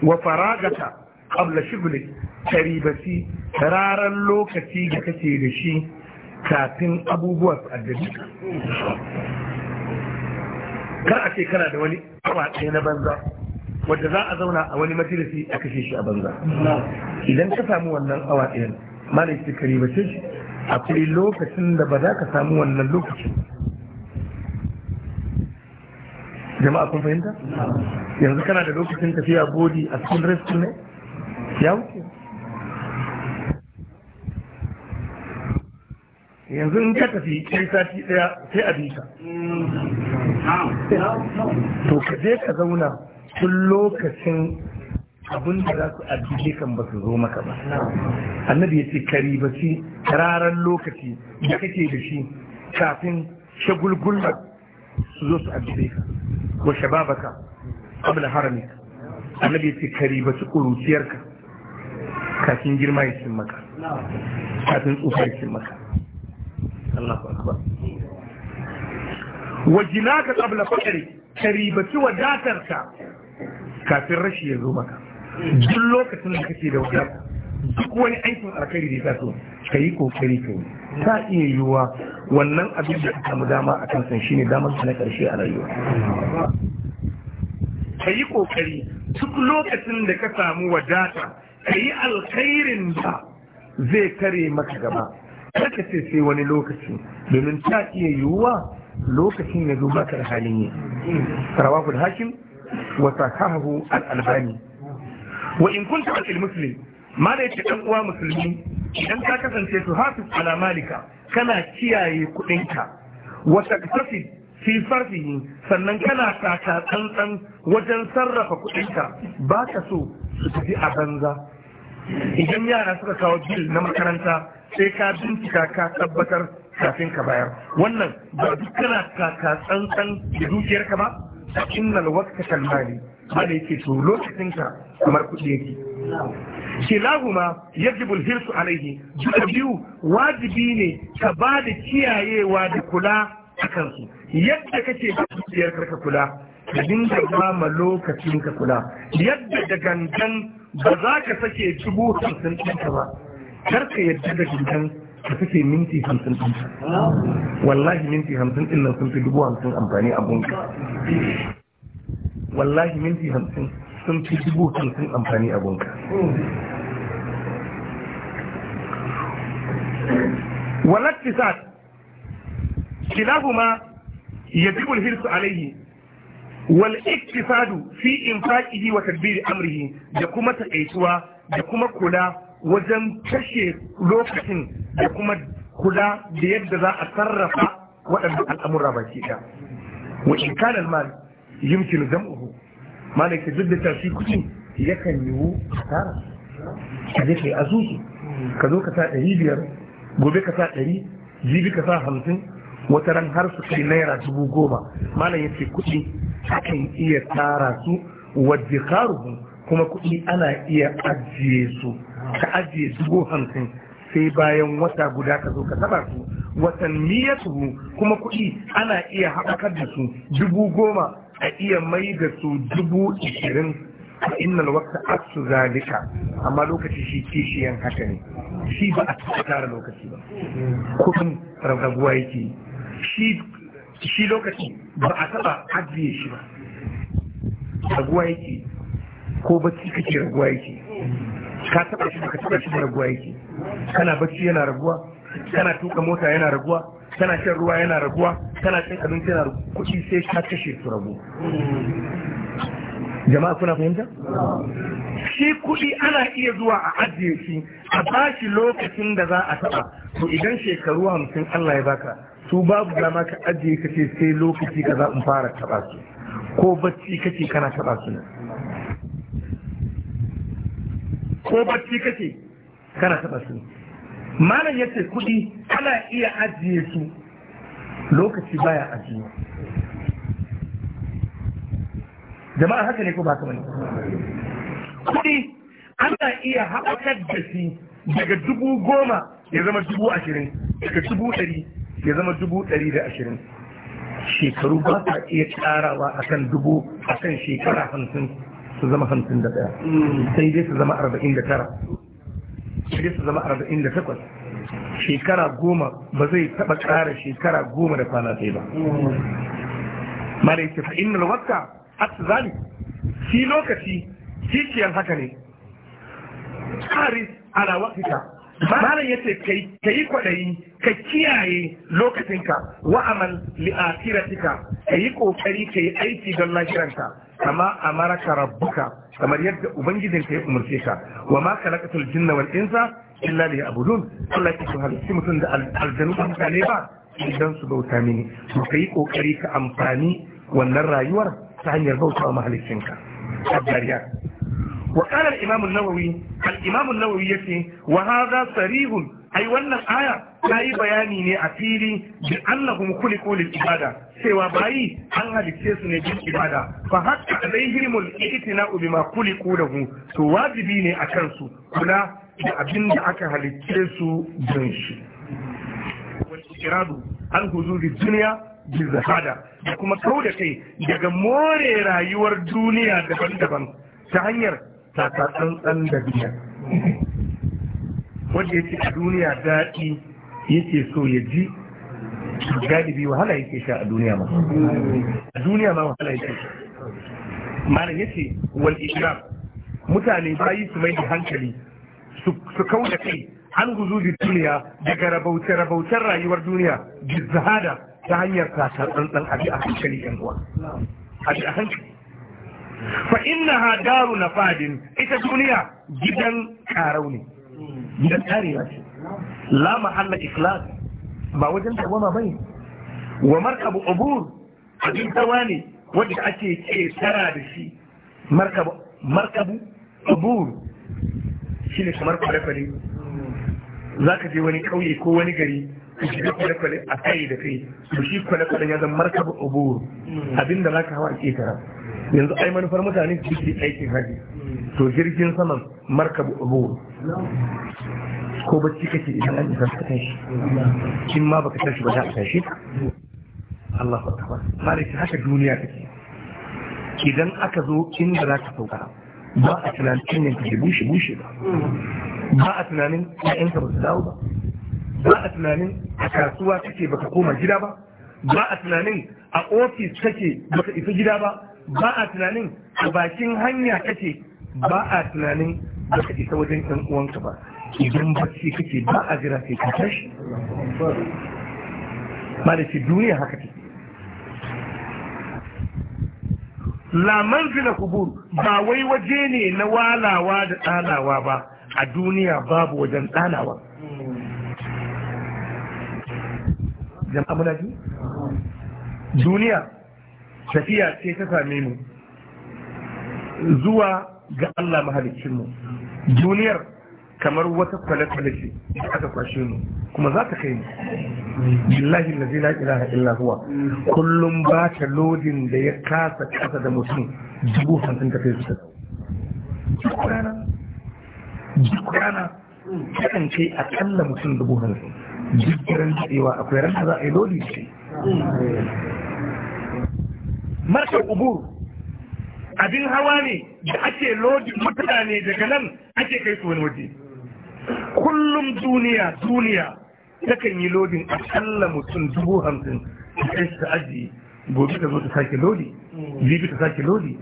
wa faragata abla shigule ka raran lokaci da kake da shi kafin abubuwa su addabi kar a ce kana da wani awa ɗaya na banza wanda za a zauna a wani majalisi a kashe shi a banza idan ka samu wannan awa ɗayan malai ce kare bace shi akwai lokacin da ba za ka samu wannan lokacin jama'a kun fahimta yanzu kana da lokacin tafiya godi a cikin restin ne ya wuce yanzu in ka tafi kai sati daya sai a bika. to ka je ka zauna tun lokacin abin da za su addike kan ba su zo maka ba annabi ya ce kari ba shi raran lokaci da kake da shi kafin shagulgulmar su zo su addike ka wa shababaka abla haramik annabi ya ce kari ba su kuruciyarka kafin girma ya cin maka kafin tsufa ya cin maka Allahu akbar wajinaka qabla faqri karibaci wadatarka kafin rashi ya zo maka duk lokacin da kake da wadata duk wani aikin alkhairi da ya so ka yi ƙoƙari ka yi ta iya yiwuwa wannan abin da ka samu dama a shi ne damar ta na karshe a rayuwa ka yi ƙoƙari duk lokacin da ka samu wadata ka yi alkhairin da zai kare maka gaba ka sai wani lokaci domin ta iya yiwuwa lokacin ya zo baka da halin yi rawahu hakim wa sakahu al-albani wa in kunta al-muslim ma da yake dan uwa musulmi idan ka kasance su hafiz ala malika kana kiyaye kudinka wa taktafi fi farfihi sannan kana taka tsantsan wajen sarrafa kudinka ba ka so su tafi a banza idan yara suka kawo bil na makaranta sai ka bincika ka tabbatar kafin ka bayar wannan ba duk kana kaka tsantsan da dukiyarka ba a innal waqta kal mali mana yake to lokacin ka kamar kudi yake kilahuma yajibu al-hirsu alaihi duka biyu wajibi ne ka ba da kiyayewa da kula a kansu yadda kake ba dukiyar ka kula da dinga ma lokacin ka kula yadda da gangan ba za ka sake dubu hamsin ɗinka ba kar ka yadda da cutan ka fi minti hamsin ɗin wallahi minti hamsin ɗin nan sun fi dubu hamsin amfani a bunka wallahi minti hamsin sun fi dubu hamsin amfani a bunka walatti sa'ad kilahuma alaihi wal alayhi fi infaqihi wa وتدبير amrihi da kuma takaituwa da kuma kula wajen kashe lokacin da kuma kula da yadda za a sarrafa waɗannan al'amura baki ɗaya wa in kana al-mal yumkinu jam'uhu malaka duk da tafi kuɗi yakan yiwu tara ka je kai azuzu ka zo ka sa ɗari biyar gobe ka sa ɗari jibi ka sa hamsin wata ran har su kai naira dubu goma malam yake ce kuɗi akan iya tara su wajen karu. kuma kuɗi ana iya ajiye su ka ajiye dubu hamsin sai bayan wata guda ka zo ka taba su watanni ya kuma kuɗi ana iya haɓakar da su dubu goma a iya mai da su dubu ishirin a innan wakta Asu zalika amma lokaci shi kishiyan haka ne shi ba a tara lokaci ba kuɗin rarrabuwa yake shi lokaci ba a taɓa ajiye shi ba raguwa yake ko bacci kake raguwa yake ka taba shi ka taba shi raguwa yake kana bacci yana raguwa kana tuka mota yana raguwa kana shan ruwa yana raguwa kana cin abinci yana raguwa, kuɗi sai ka kashe su rabu. jama'a kuna fahimta shi kuɗi ana iya zuwa a ajiye shi a bashi lokacin da za a taba to idan shekaru hamsin Allah ya baka su babu dama ka ajiye ka ce sai lokaci ka za in fara taba su ko bacci kake kana taba su ne ko bacci kake kana taɓa su malam ya ce kuɗi ana iya ajiye su lokaci baya ajiye jama'a haka ne ko ba kamar kuɗi ana iya haɓakar da shi daga dubu goma ya zama dubu ashirin daga dubu ɗari ya zama dubu ɗari da ashirin shekaru ba sa iya ƙarawa akan dubu a kan shekara hamsin su zama hamsin da ɗaya sai dai su zama arba'in da tara sai dai su zama arba'in da takwas shekara goma ba zai taɓa ƙara shekara goma da kwana sai ba mara yake fa innal waqta atzali shi lokaci kikiyar haka ne haris ala waqtika malam ya ce ka yi kwaɗayi ka kiyaye lokacinka wa'amal li'akiratika ka yi ƙoƙari ka yi aiki don lahiranka kama amaraka rabbuka kamar yadda ubangijinka ya umarce ka wa ma khalaqatul jinna wal insa illa liya'budun Allah ya halitta mutum da aljanu da mutane ba idan su bauta mini to kai kokari ka amfani wannan rayuwar ta hanyar bauta wa mahaliccinka abdariya wa qala al-imam an-nawawi al-imam an-nawawi yace wa hadha sarihun ai wannan aya ta yi bayani ne a fili bi annahum khuliqu lil ibada cewa bayi an halicce su ne bin ibada fa hakka alaihim al ma bima khuliqu lahu to wajibi ne a kansu kula da abin da aka halicce su don shi wal ikradu an huzuri dunya bi zahada da kuma kauda kai daga more rayuwar duniya daban-daban ta hanyar tsantsan da biya wanda yake a duniya daɗi yake so ya ji galibi wahala yake sha a duniya ma a duniya ma wahala yake sha malam yace wal ikram mutane ba yi su mai da hankali su kau da kai an guzu da duniya daga rabauce rabaucen rayuwar duniya zahada ta hanyar tasar tsantsan abi a hankali yan uwa abi a hankali fa innaha daru fadin ita duniya gidan karau ne gidan karewa ce la mahalla ikhlas ba wajen dawama bane wa markabu ubur abin tawa ne wanda ake ketara da shi markabu markabu ubur shi kamar kwale-kwale za ka je wani kauye ko wani gari ka shiga kwale-kwale a kai da kai to shi kwale-kwalen ya zama markabu ubur abinda za ka hawa a ketara yanzu ai manufar mutane su ke aikin haji to jirgin saman markab abu ko bacci kake idan an isa ka tashi kin ma baka tashi ba za a tashi Allah akbar malaki haka duniya take idan aka zo inda za ka sauka ba a tunanin cinyin ka bushe bushe ba ba a tunanin ka ba su dawo ba ba a tunanin a kasuwa kake baka koma gida ba ba a tunanin a ofis kake baka isa gida ba ba a tunanin a bakin hanya kake ba a tunanin da ka isa wajen ɗan uwanka ba idan ce kake ba a jira sai ka tashi ba da ce duniya haka ce. la manzila kubur ba wai waje ne na walawa da ɗanawa ba a duniya babu wajen ɗanawa jama'a muna ji duniya tafiya ce ta same mu zuwa ga Allah mahalicinmu duniyar kamar wata kwale-kwale ce da aka kwashe mu kuma za ta kai mu billahi lazi la ilaha illa huwa kullum ba ta lodin da ya kasa kasa da mutum dubu hamsin ta kai su ta dawo rana duk rana yakan kai akalla mutum dubu hamsin duk ran daɗewa akwai ran da za a yi lodi ce markar ubu abin hawa ne da ake lodin mutane daga nan ake kai su wani waje kullum duniya duniya takan yi lodin kalla mutum dubu hamsin da kai su aji gobe ta zo ta sake lodi jibi ta sake lodi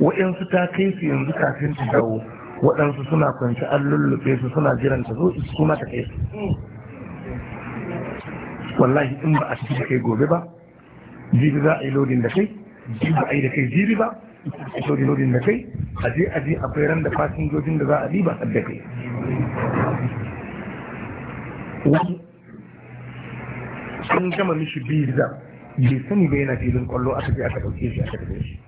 waɗansu ta kai su yanzu kafin su dawo waɗansu suna kwanci an lullube su suna jiran ta zo su kuma ta kai su wallahi in ba a ciki da kai gobe ba jibi za a yi lodin da kai Jibi ai da kai jibi ba a shori lodin da kai a je a je akwai ran da fasinjojin da za a riba da kai wani sun gama mishi biza bai sani bai yana filin kwallo aka je aka ɗauke shi aka ɗauke shi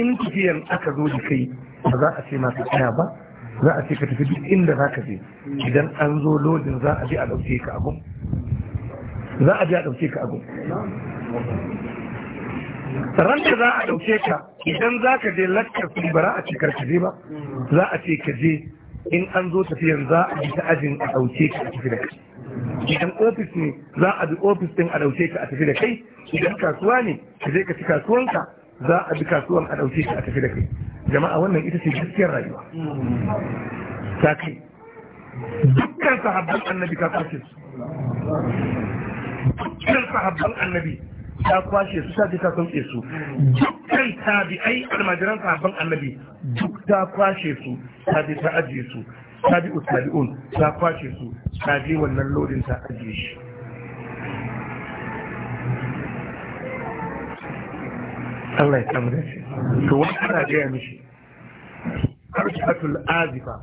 in tafiyan aka zo da kai ba za a ce masu tsaya ba za a ce ka tafi duk inda za ka je idan an zo lodin za a je a ɗauke ka abu za a je a ɗauke ka abu ranta za a ɗauke ka idan za ka je lakkar su bara a ce je ba za a ce ka je in an zo tafiyan za a bi ta ajin a ɗauke ka a tafi da kai idan ofis ne za a bi ofis ɗin a ɗauke ka a tafi da kai idan kasuwa ne ka je ka ci kasuwanka za a bi kasuwan a ɗauke ka a tafi da kai jama'a wannan ita ce gaskiyar rayuwa ta kai dukkan sahabban annabi ka kwace su dukkan sahabban annabi ta kwashe su ta ta sauke su duk kai ai almajiran sahabban annabi duk ta kwashe su ta bi ta ajiye su bi tabi'un ta kwashe su ta bi wannan lodin ta ajiye shi Allah ya samu dace to wani ana gaya mishi harshatul azifa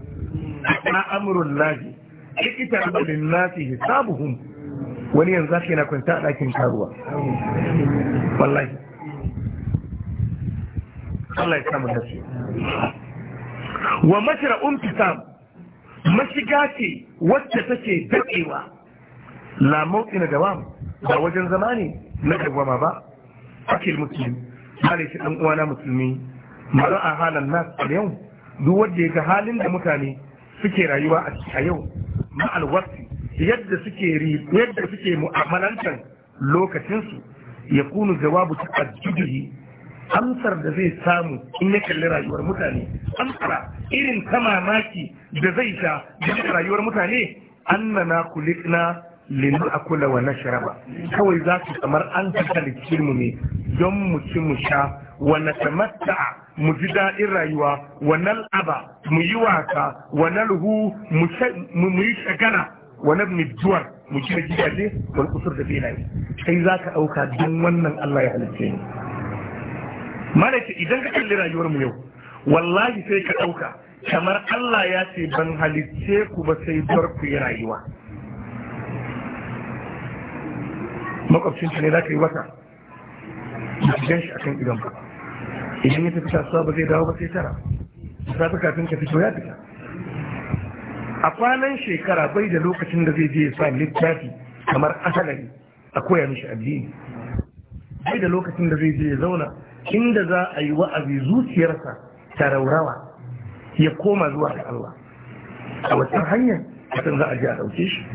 ta amrul lahi ikitar lin nasi hisabuhum wani yanzu zafi yana kwanta a ɗakin karuwa wallahi Allah ya samu dace wa mashra umtisam mashiga ce wacce take na la na dawam ba wajen zama ne na dawama ba akil Musulmi, hali shi ɗan uwana musulmi a halan nas a yau duk wanda ya ga halin da mutane suke rayuwa a yau ma'al wasu. yadda suke yadda suke mu'amalantar lokacinsu ya kunu jawabu ta ajjudihi amsar da zai samu in ya kalli rayuwar mutane amsara irin ta mamaki da zai sha da rayuwar mutane annana kulikna linu akula wa sharaba kawai za su kamar an kasa mu ne don mu ci mu sha wa natamatta mu ji daɗin rayuwa wa nal'aba mu yi wasa wa nalhu mu yi shagala wani mijuwar mu kira gidaje wal kusur da filaye kai za ka ɗauka don wannan Allah ya halitta ni malaka idan ka kalli rayuwar mu yau wallahi sai ka ɗauka kamar Allah ya ce ban halitte ku ba sai bar ku yi rayuwa makwabcinka ne za ka yi wata gan shi akan idan ba idan ya tafi kasuwa ba zai dawo ba sai tara safi kafin ka fito ya fita a kwanan shekara bai da lokacin da zai je ya sa littafi kamar asalari a koya mishi addini bai da lokacin da zai je ya zauna inda za a yi wa'azi zuciyarsa ta raurawa ya koma zuwa ga Allah a wata hanya kasan za a je a ɗauke shi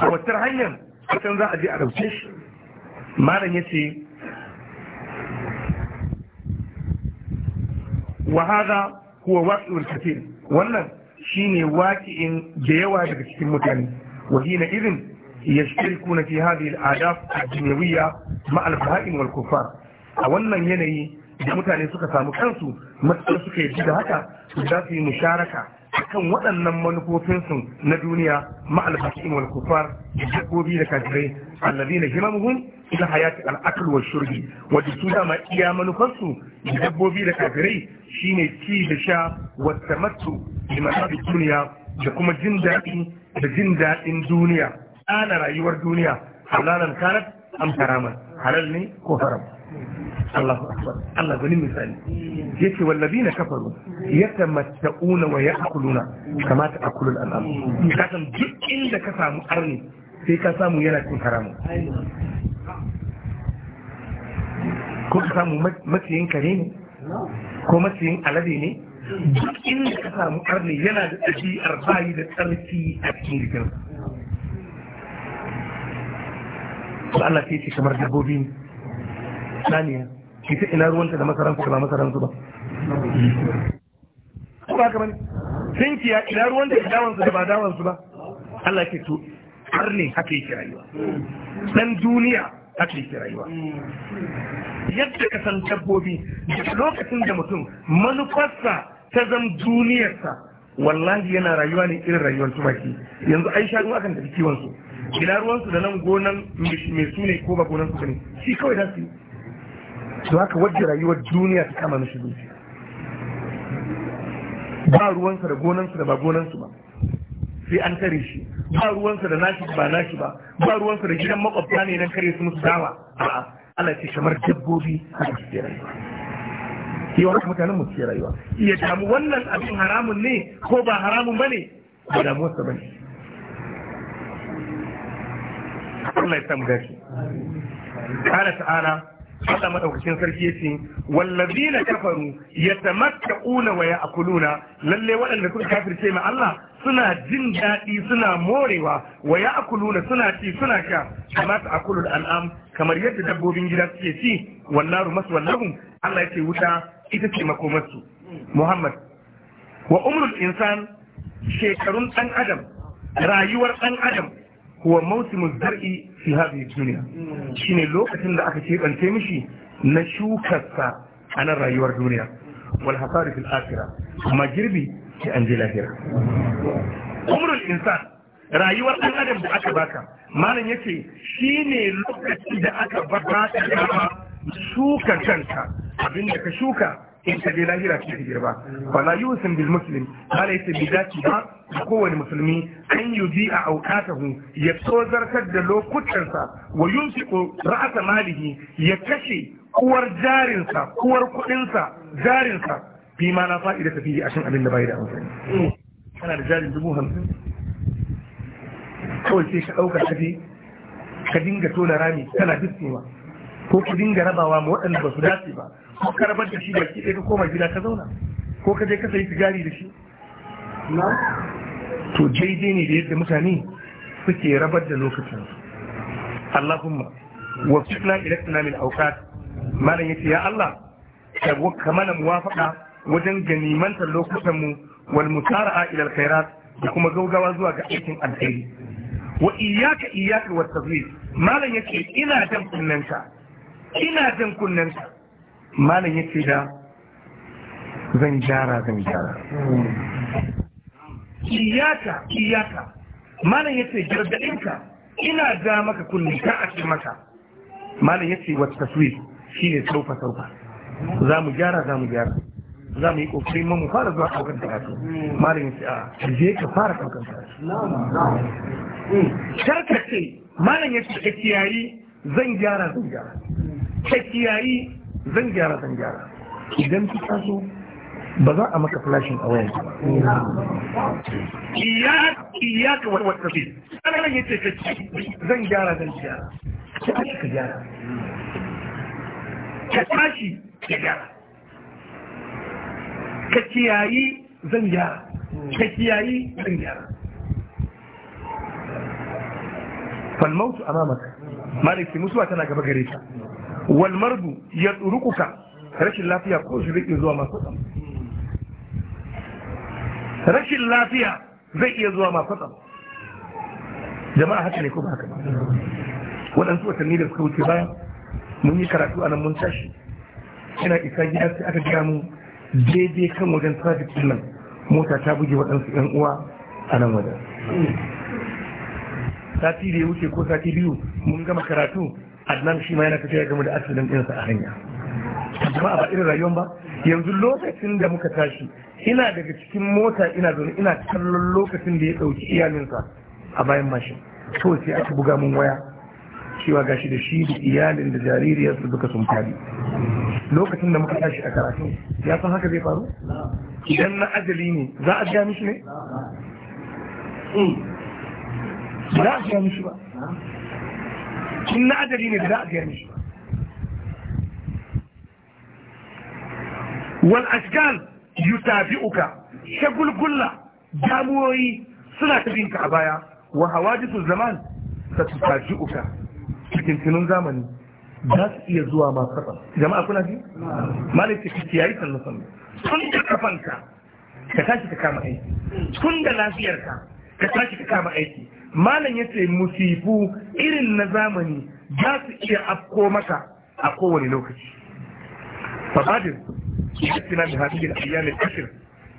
a wata hanyar kasan za a je a ɗauke shi malam ya ce wa hadha huwa waqi'ul wannan shine waqi'in da yawa daga cikin mutane wa hina idin yashtarikuna fi hadhihi al-adab ad-dunyawiyya ma al-baha'im a wannan yanayi da mutane suka samu kansu matsar suka yi da haka za su yi musharaka kan waɗannan manufofinsu na duniya ma'albasin wal kufar da dabbobi da kafirai allazi na himamuhum ila hayati al'akal wa shurbi wadda su dama iya manufarsu dabbobi da kafirai shine ci da sha wa tamattu liman duniya da kuma jin daɗi da jin daɗin duniya ana rayuwar duniya halalan kanat am haraman halal ne ko haram Allahu akbar Allah gani misali yace wallazina kafaru yatamatta'una wa ya'kuluna kama ta'kulul an'am kasan duk inda ka samu arni sai ka samu yana cin haramun ko ka samu matsayin kare ne ko matsayin alade ne duk inda ka samu arne yana da ɗabi'ar bayi da tsarki a cikin jikin su Allah sai ce kamar dabbobi ne saniya ta ina ruwanta da masaransu ba masaransu ba ko ba ka bane sinkiya ina ruwanta da dawansu da ba dawansu ba Allah ke to har ne haka yake rayuwa dan duniya haka yake rayuwa yadda ka san dabbobi lokacin da mutum manufarsa ta zan duniyarsa wallahi yana rayuwa ne irin rayuwar tumaki yanzu ai shanu akan tafi kiwon su gida ruwansu da nan gonan mai su ne ko ba gonan su ne shi kawai za su yi to haka wajen rayuwar duniya ta kama mishi zuciya ba ruwansa da gonansu da ba gonansu ba sai an kare shi ba ruwansa da nashi ba nashi ba ba ruwansa da gidan makwabta ne nan kare su musu dawa a'a Allah ce kamar dabbobi a cikin rayuwa yawa mutanen mu cikin rayuwa iya damu wannan abin haramun ne ko ba haramun bane ba damuwarsa bane Allah ya samu dace ta'ala Allah madaukakin sarki yace wallazina kafaru yatamatta'una wa ya'kuluna lalle waɗanda suka kafirce ma Allah suna jin daɗi suna morewa wa ya'kuluna suna ci suna sha kama ta'kulul al'am, kamar yadda dabbobin gida suke ci wallahu maswallahum Allah ce wuta ita ce makomarsu Muhammad wa umrul insan shekarun dan adam rayuwar dan adam huwa mausimu zar'i fi duniya dunya shine lokacin da aka keɓance mishi na shukarsa a nan rayuwar duniya wal hasari fil akhirah girbi sai an je lahira umrul insan rayuwar ɗan adam da aka baka malam yace shine lokacin da aka baka dama shuka kanka abinda ka shuka in ka je lahira ce ka girba wala yusin bil muslim bala yace bi dace ba da kowane musulmi an yubi a auqatahu ya tozartar da lokutansa wa yunfiqu ra'asa malihi ya kashe kuwar jarinsa kuwar kudinsa jarinsa bi ma na fa'ida ta fiye a shan abin da bai da amfani kana da jarin dubu hamsin kawai sai ka ɗauka ka je ka dinga tona rami kana diskewa ko ka dinga rabawa ma waɗanda ba su dace ba ko rabar da shi baki ɗaya ka koma gida ka zauna ko ka je ka sayi sigari da shi to daidai ne da yadda mutane suke rabar da lokacin Allahumma wa wafsifna ilaktuna min auqat malam yace ya Allah ka kamana muwafaqa wajen ganimantar lokutan mu wal musara'a ila alkhairat da kuma gaugawa zuwa ga aikin alheri. wa iyyaka iyyaka wat tazwid malam yace ina jan kunnanka ina jan kunnanka malam ya ce da zan gyara zan gyara Iyata, iyata. malam ya ce gargadinka ina ga maka kulli ta a ce maka malam ya ce wata taswir shi ne saufa saufa za mu gyara za mu gyara za mu yi kokari mu fara zuwa ɗaukar karatu malam ya ce a je ka fara kankan karatu karka ce malam ya ce ka kiyayi zan gyara zan gyara ka kiyayi zan gyara zan gyara idan ki taso ba za a maka flashin a wayan ba iya ka wani wata tafi tsananan yace ka zan gyara zan gyara ki tashi ka gyara ka tashi ka gyara ka kiyayi zan gyara ka kiyayi zan gyara falmautu a mamaka malaki musuwa tana gaba gare ta wal marbu ya tsurukuka rashin lafiya ko shi zai zuwa masu tsam rashin lafiya zai iya zuwa masu tsam jama'a haka ne ko ba haka ba waɗansu watanni da suka wuce baya mun yi karatu a nan mun tashi ina isa gida sai aka gina mu daidai kan wajen traffic din nan mota ta buge waɗansu ƴan uwa a nan wajen sati da ya wuce ko sati biyu mun gama karatu annan shi ma yana tafiya game da asalin ɗinsa a hanya jama'a ba irin rayuwar ba yanzu lokacin da muka tashi ina daga cikin mota ina zaune ina kallon lokacin da ya ɗauki iyalinsa a bayan mashin to sai aka buga mun waya cewa gashi da shi da iyalin da jaririyarsu duka sun fadi lokacin da muka tashi a karatu ya san haka zai faru idan na ajali ne za a gaya mishi ne hmm. za a gaya mishi ba tun na adali ne da za a siyar mishi wal ashgal yutafi'uka shagulgulla damuwoyi suna tabinka a baya wa hawadisu zaman ta tutafi'uka cikin zamani za su iya zuwa masu kafa jama'a kuna ji? malice ka kiyayi sannu sannu tun da kafanka ka tashi ka kama aiki tun da lafiyarka ka tashi ka kama aiki malam ya ce musifu irin na zamani za su iya afko maka a kowane lokaci Fafadir, ya tuna da hadin da kashir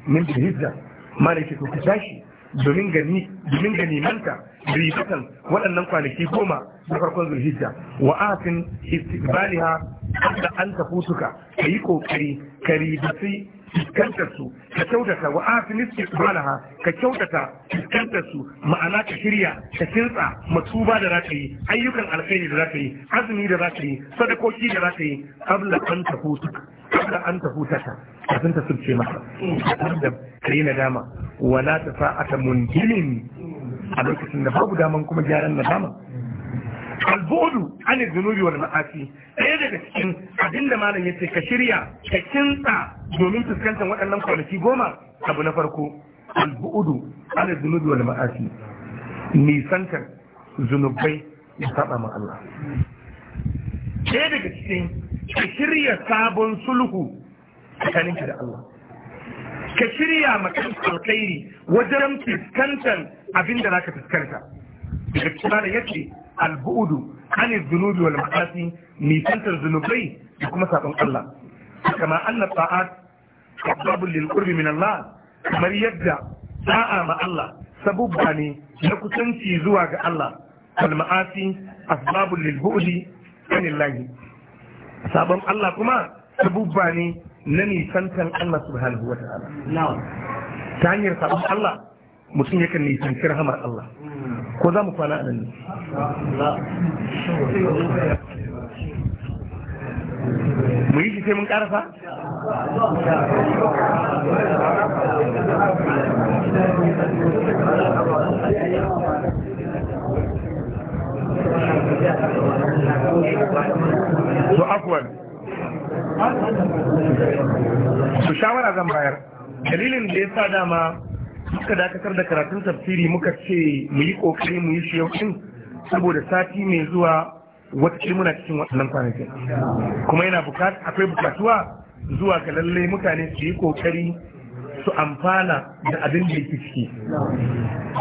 min da hijja malam ya ce tashi domin gani da yi ribatan waɗannan kwanaki goma na farkon zulhijja wa afin istiqbaliha da an ka yi kokari ka ribaci fuskantar su ka kyautata wa asilis ha, ka kyautata fiskantar su ma'ana ka shirya ka kintsa matuba da zaka yi ayyukan alkhairi da zaka yi azumi da zaka yi sadakoki da zaka yi Abla an tafuta qabla an ta kafin ta sulce maka da yi nadama wala tafa'ata mundilin a lokacin da babu daman kuma gyaran nadama albudu an zunubi wal ma'asi ɗaya daga cikin abinda malam yace ka shirya ka kinsa domin fuskantar waɗannan kwanaki goma abu na farko albudu an zunubi wal ma'asi nisantar zunubai ya saba ma Allah ɗaya daga cikin ka shirya sabon sulhu ki da Allah ka shirya makan alkhairi wajen fuskantar abinda zaka fuskanta daga cikin malam yace albu'udu budu an zunubi wal ma'asi nisantar zunubai da kuma sabon Allah kama anna ta'at sababul lil min Allah kamar yadda sa'a ma Allah sabubba ne na kusanci zuwa ga Allah wal ma'asi asbabul lil bu'di sabon Allah kuma sabubba ne na Allah subhanahu wa ta'ala hanyar sabon Allah mutum yakan nisanci rahamar Allah ko za mu kwana nan ne mu yi sai mun karasa to afwan su shawara zan bayar dalilin da ya sa dama suka dakatar da karatun tafsiri muka ce mu yi kokari mu yi shiyaukin saboda sati mai zuwa wata muna cikin waɗannan kwanakin kuma yana akwai bukatuwa zuwa ga lallai mutane su yi kokari su amfana da abin da yake ciki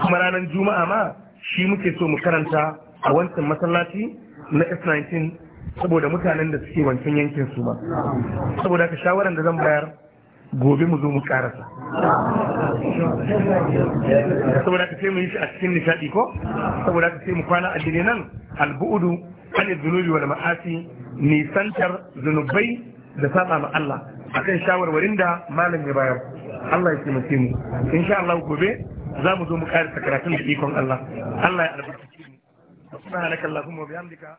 kuma ranar juma'a ma shi muke so mu karanta a wancan masallaci na s19 saboda mutanen da suke wancan yankin su ba saboda ka shawaran da zan bayar gobe mu zo mu karasa saboda ka sai mu yi shi a cikin nishadi ko saboda ka sai mu kwana a dire nan albu'udu an zunubi wal ma'asi nisantar zunubai da saba ma Allah akan shawarwarin da malam ya bayar Allah ya taimake mu insha Allah gobe za mu zo mu karasa karatun da ikon Allah Allah ya albarkace mu subhanakallahumma wa bihamdika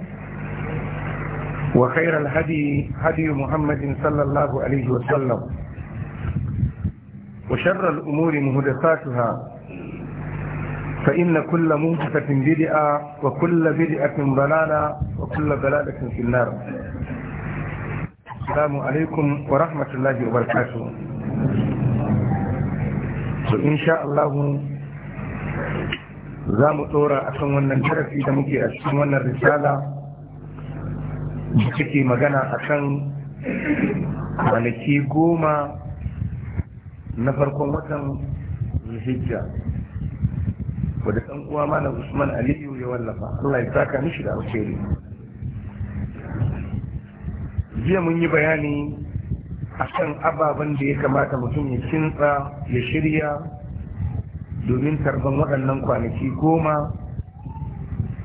وخير الهدي هدي محمد صلى الله عليه وسلم وشر الأمور مهدساتها فإن كل مهدسة بدعة وكل بدعة ضلالة وكل ضلالة في النار السلام عليكم ورحمة الله وبركاته وإن شاء الله za mu tsora a kan wannan jarafi da muke a cikin wannan risala da magana a kan kwanaki goma na farkon watan zuhijja wadda ɗan uwa malam usman aliyu ya wallafa allah ya saka mishi da alheri jiya mun yi bayani akan ababen da ya kamata mutum ya kintsa ya shirya domin tarban waɗannan kwanaki goma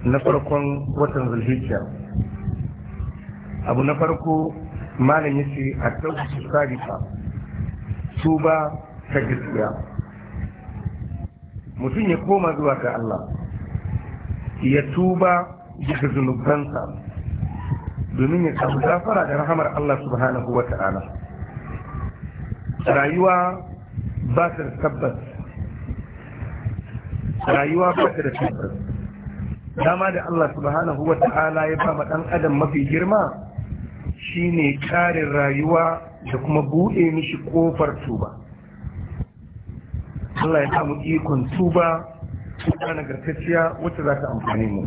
na farkon watan zulhijja abu na farko malam ce a tauhid su ba ta gaskiya mutum ya koma zuwa ga Allah ya tuba daga zunubansa domin ya samu gafara da rahamar Allah subhanahu wa ta'ala rayuwa ba ta da tabbas rayuwa ba ta da tabbas dama da Allah subhanahu wa ta'ala ya ba ma dan adam mafi girma Shi ne ƙarin rayuwa da kuma buɗe mishi ƙofar tuba Allah ya samu ikon tuba tuba nagartacciya wacce za ta amfani mu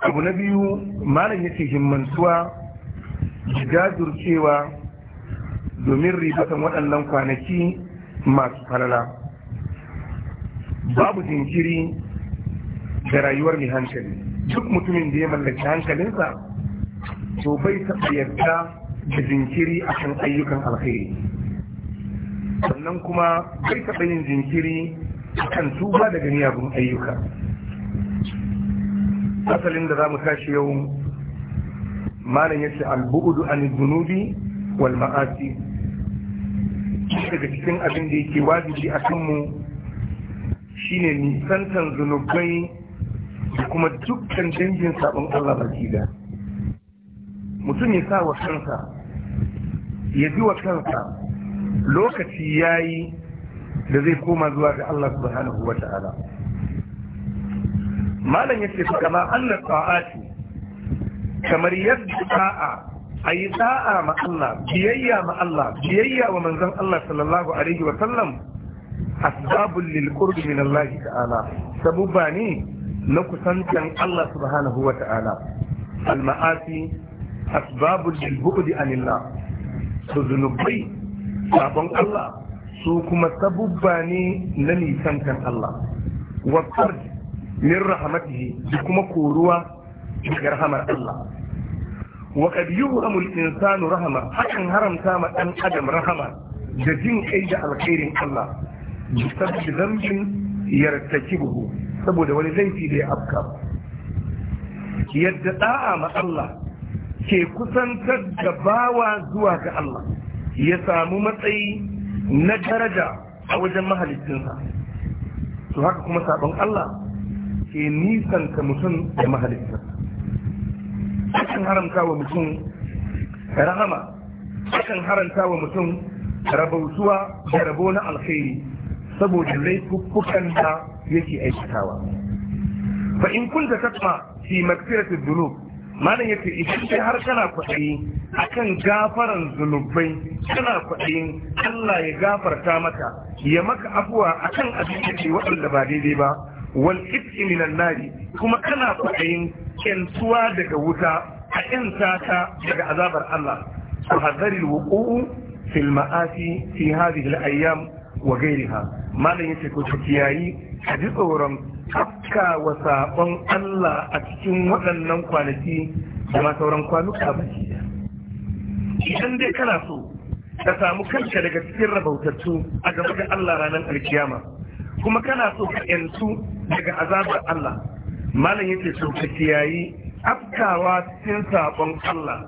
abu na biyu malam ya ce himmantuwa da jajircewa domin ribatan waɗannan kwanaki masu falala babu jinkiri da rayuwar mai hankali duk mutumin da ya mallaki hankalinsa to bai taɓa yarda da jinkiri a kan ayyukan alkhairi sannan kuma bai taɓa yin jinkiri a kan tuba daga miyagun ayyuka asalin da za mu tashi yau malam ya ce albu'udu an zunubi wal ma'asi daga cikin abin da yake wajibi a kanmu shine nisantan zunubai da kuma dukkan dangin sabon Allah baki mutum ya sa wa kansa ya ji wa kansa lokaci ya yi da zai koma zuwa ga Allah subhanahu wa ta'ala malam ya ce kama Allah sa'ati kamar yadda ta'a a yi ta'a ma Allah biyayya ma Allah biyayya wa manzon Allah sallallahu alaihi wa sallam asbabul lil qurbi min Allah ta'ala sabubba ne na kusantan Allah subhanahu wa ta'ala al ma'asi asbabu bu'di anillah to zunubai sabon Allah su kuma sabubba ne na kan Allah wa fard min rahmatihi da kuma koruwa daga rahamar Allah wa qad yuhramu al-insanu rahama hakan haramta ma dan adam rahama da jin kai da alkhairin Allah bi sabbi dhanbin yartakibuhu saboda wani laifi da ya afka yadda da'a ma Allah ke kusantar da bawa zuwa ga Allah ya samu matsayi na daraja a wajen mahalicinsa su haka kuma sabon Allah ke nisanta mutum da mahalicinsa akan haramta wa mutum rahama akan haramta wa mutum rabautuwa da rabo na alkhairi saboda laifukan da yake aikatawa fa in kunta tatma fi magfiratul dhunub malam yace idan sai har kana kwaɗayi akan gafaran zunubai kana kwaɗayin Allah ya gafarta maka ya maka afuwa akan abin da waɗanda ba daidai ba wal itki minan nari kuma kana kwaɗayin kyantuwa daga wuta a ƴanta sata daga azabar Allah su hadari wuqu'u fil ma'asi fi hadhihi al ayyam wa ghayriha malam yace ko kiyayi ka ji tsoron tafka wa saɓon Allah a cikin waɗannan kwanaki da ma sauran kwanuka ba idan dai kana so ka samu kanka daga cikin rabautattu a gaba da Allah ranar alkiyama kuma kana so ka yantu daga azabar Allah malam yake so ka kiyayi afkawa cikin sabon Allah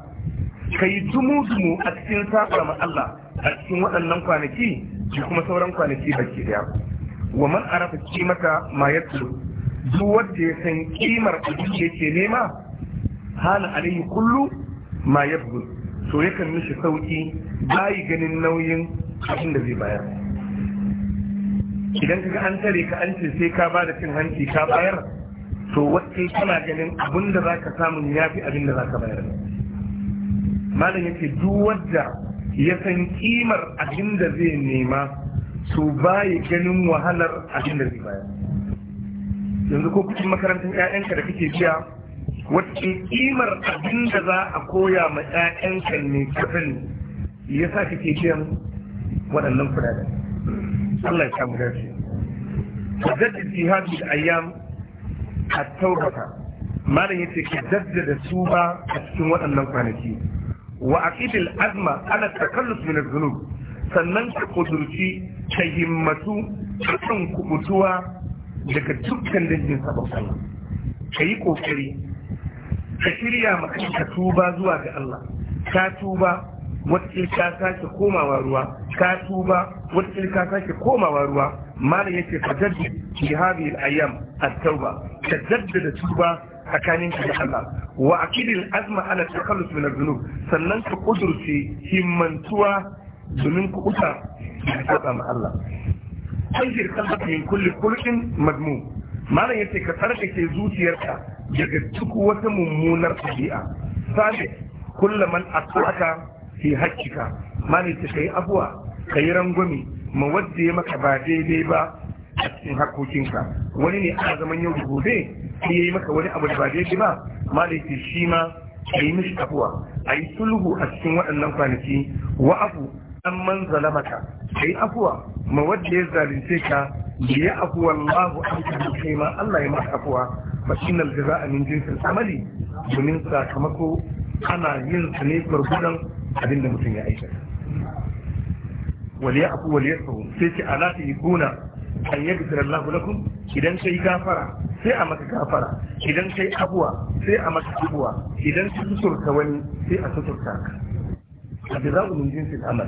ka yi tumu-tumu a cikin saɓa Allah a cikin waɗannan kwanaki da kuma sauran kwanaki baki daya wa man arafa kimata ma yatlu duk wanda ya san kimar abin da yake nema hana alayhi kullu ma yabdu to yakan mishi sauki bayi ganin nauyin abin da zai bayar idan kaga an tare ka an ce sai ka ba da cin hanci ka bayar to wacce kana ganin abin da zaka samu ya fi abin da zaka bayar malam yake duk wadda ya san kimar abin da zai nema to baya ganin wahalar abin da zai bayar yanzu ko kucin makarantar 'ya'yanka da kake biya wacce kimar abin da za a koya ma 'ya'yanka ne kafin ya sa kake biyan waɗannan kuɗaɗen Allah ya samu dace ka jaddada hadhihi al-ayyam at taurata, malam yace ka jaddada tuba a cikin waɗannan kwanaki wa aqidil azma ala takallus min adh sannan ka kudurci ta himmatu kan kubutuwa daga dukkan dangin sabon Allah ka yi kokari ka shirya maka ka tuba zuwa ga Allah ka tuba wata ka sake komawa ruwa ka tuba wata ka sake komawa ruwa malam yake ka jaddada fi hadhihi al-ayyam tauba ka jaddada tuba tsakanin ka Allah wa aqidil azma ala takallus min adh sannan ka kudurce himmantuwa domin kuɓuta da tsatsa ma Allah an girkan haka min kulli kulkin madmu malam yace ka tsarkake zuciyarka daga duk wata mummunar ɗabi'a sabi man asaka fi hakkika malam yace kai abuwa kai rangwami ma wadda ya maka ba daidai ba a cikin harkokinka wani ne ana zaman yau da gobe sai ya yi maka wani abu da ba daidai ba malai yace shi ma a yi mishi afuwa Ayi sulhu a cikin waɗannan kwanaki wa abu An man zalamaka sai afuwa ma wanda ya zalunce ka ya afuwa Allah an kai ma Allah ya maka afuwa fa innal jazaa'a min jinsil amali domin sakamako ana yin sa ne gurgudan abinda mutum ya aikata wal ya'fu wal yasfu sai ki ala ta yikuna an yaghfir Allah lakum idan kai gafara sai a maka gafara idan kai abuwa sai a maka abuwa idan ka suturta wani sai a suturta ka abin min jinsin amal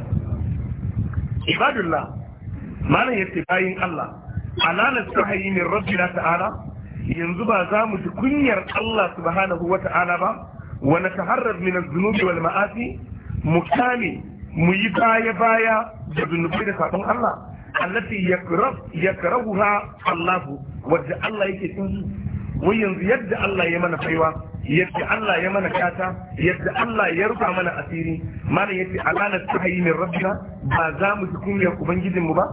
ibadullah mana yadda bayin Allah alalar sahayi min rabbina ta'ala yanzu ba za mu ji kunyar Allah subhanahu wa ta'ala ba wa na taharrar min zunubi wal ma'asi mu kame mu yi baya baya da zunubi da sabon Allah allati yakrahuha Allah wadda Allah yake tsinci Wai yanzu yadda Allah ya mana faiwa yadda Allah ya mana kata yadda Allah ya rufa mana asiri mana yace alana tahayi min rabbina ba za mu ji kunyar ubangijin mu ba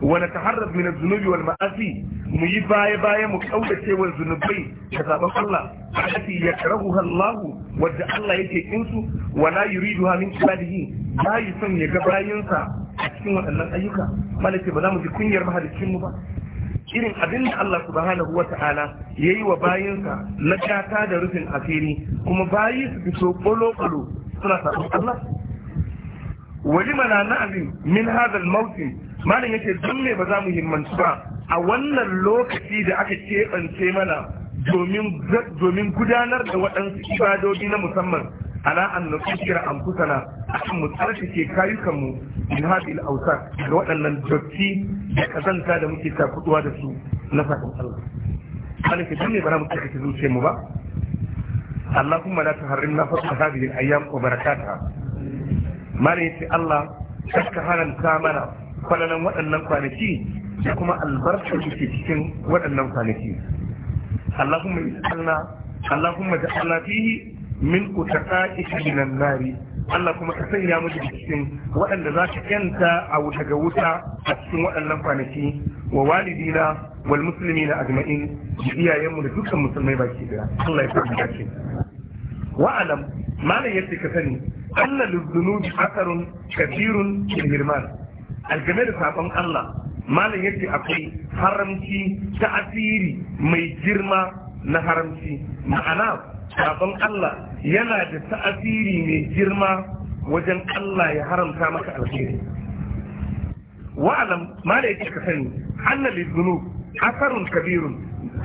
wa nataharrab min az-zunubi wal ma'asi mu yi baya baya mu kaudace wa zunubai da saban Allah allati yakrahuha Allah wadda Allah yake kin su wa la yuriduha min ibadihi ba yi son ya ga bayinsa a cikin waɗannan ayyuka malaka ba za mu ji kunyar mahalicin mu ba irin abin da Allah subhanahu wa ta'ala ya yi wa bayinsa na gata da rufin asiri kuma bayi su fito ƙolo-ƙolo suna sabon Allah wani mana na'azin min hadal mautin malam yace don ba za mu himmantu ba a wannan lokaci da aka keɓance mana domin gudanar da waɗansu ibadodi na musamman ala an nukira a akan mu tsarkake kayukanmu mu min hadil awsar waɗannan dotti da kazanta da muke takuduwa da su na sakon Allah kana ki bana bara mu tsarkake zuciyar mu ba Allahumma la tuharrimna fadla hadhihi al-ayyam wa barakatuha mare yace Allah shakka haranta mana kwalalan waɗannan kwanaki da kuma albarkar da ke cikin waɗannan kwanaki Allahumma is'alna Allahumma Allah fihi min ku taqa'ika minan nari Allah kuma ka sanya mu daga cikin waɗanda za ka yanta a daga wuta a cikin waɗannan kwanaki wa walidina wal na ajma'in da iyayenmu da dukkan musulmai baki daya Allah ya sa dace wa alam malam yadda ka sani anna lizunubi asarun kathirun fil hirman algame da sabon Allah malam yadda akwai haramci ta asiri mai girma na haramci ma'ana sabon Allah yana da ta'asiri mai girma wajen Allah ya haramta maka alheri wa'alam ma da yake ka sani anna lidunu asarun kabirun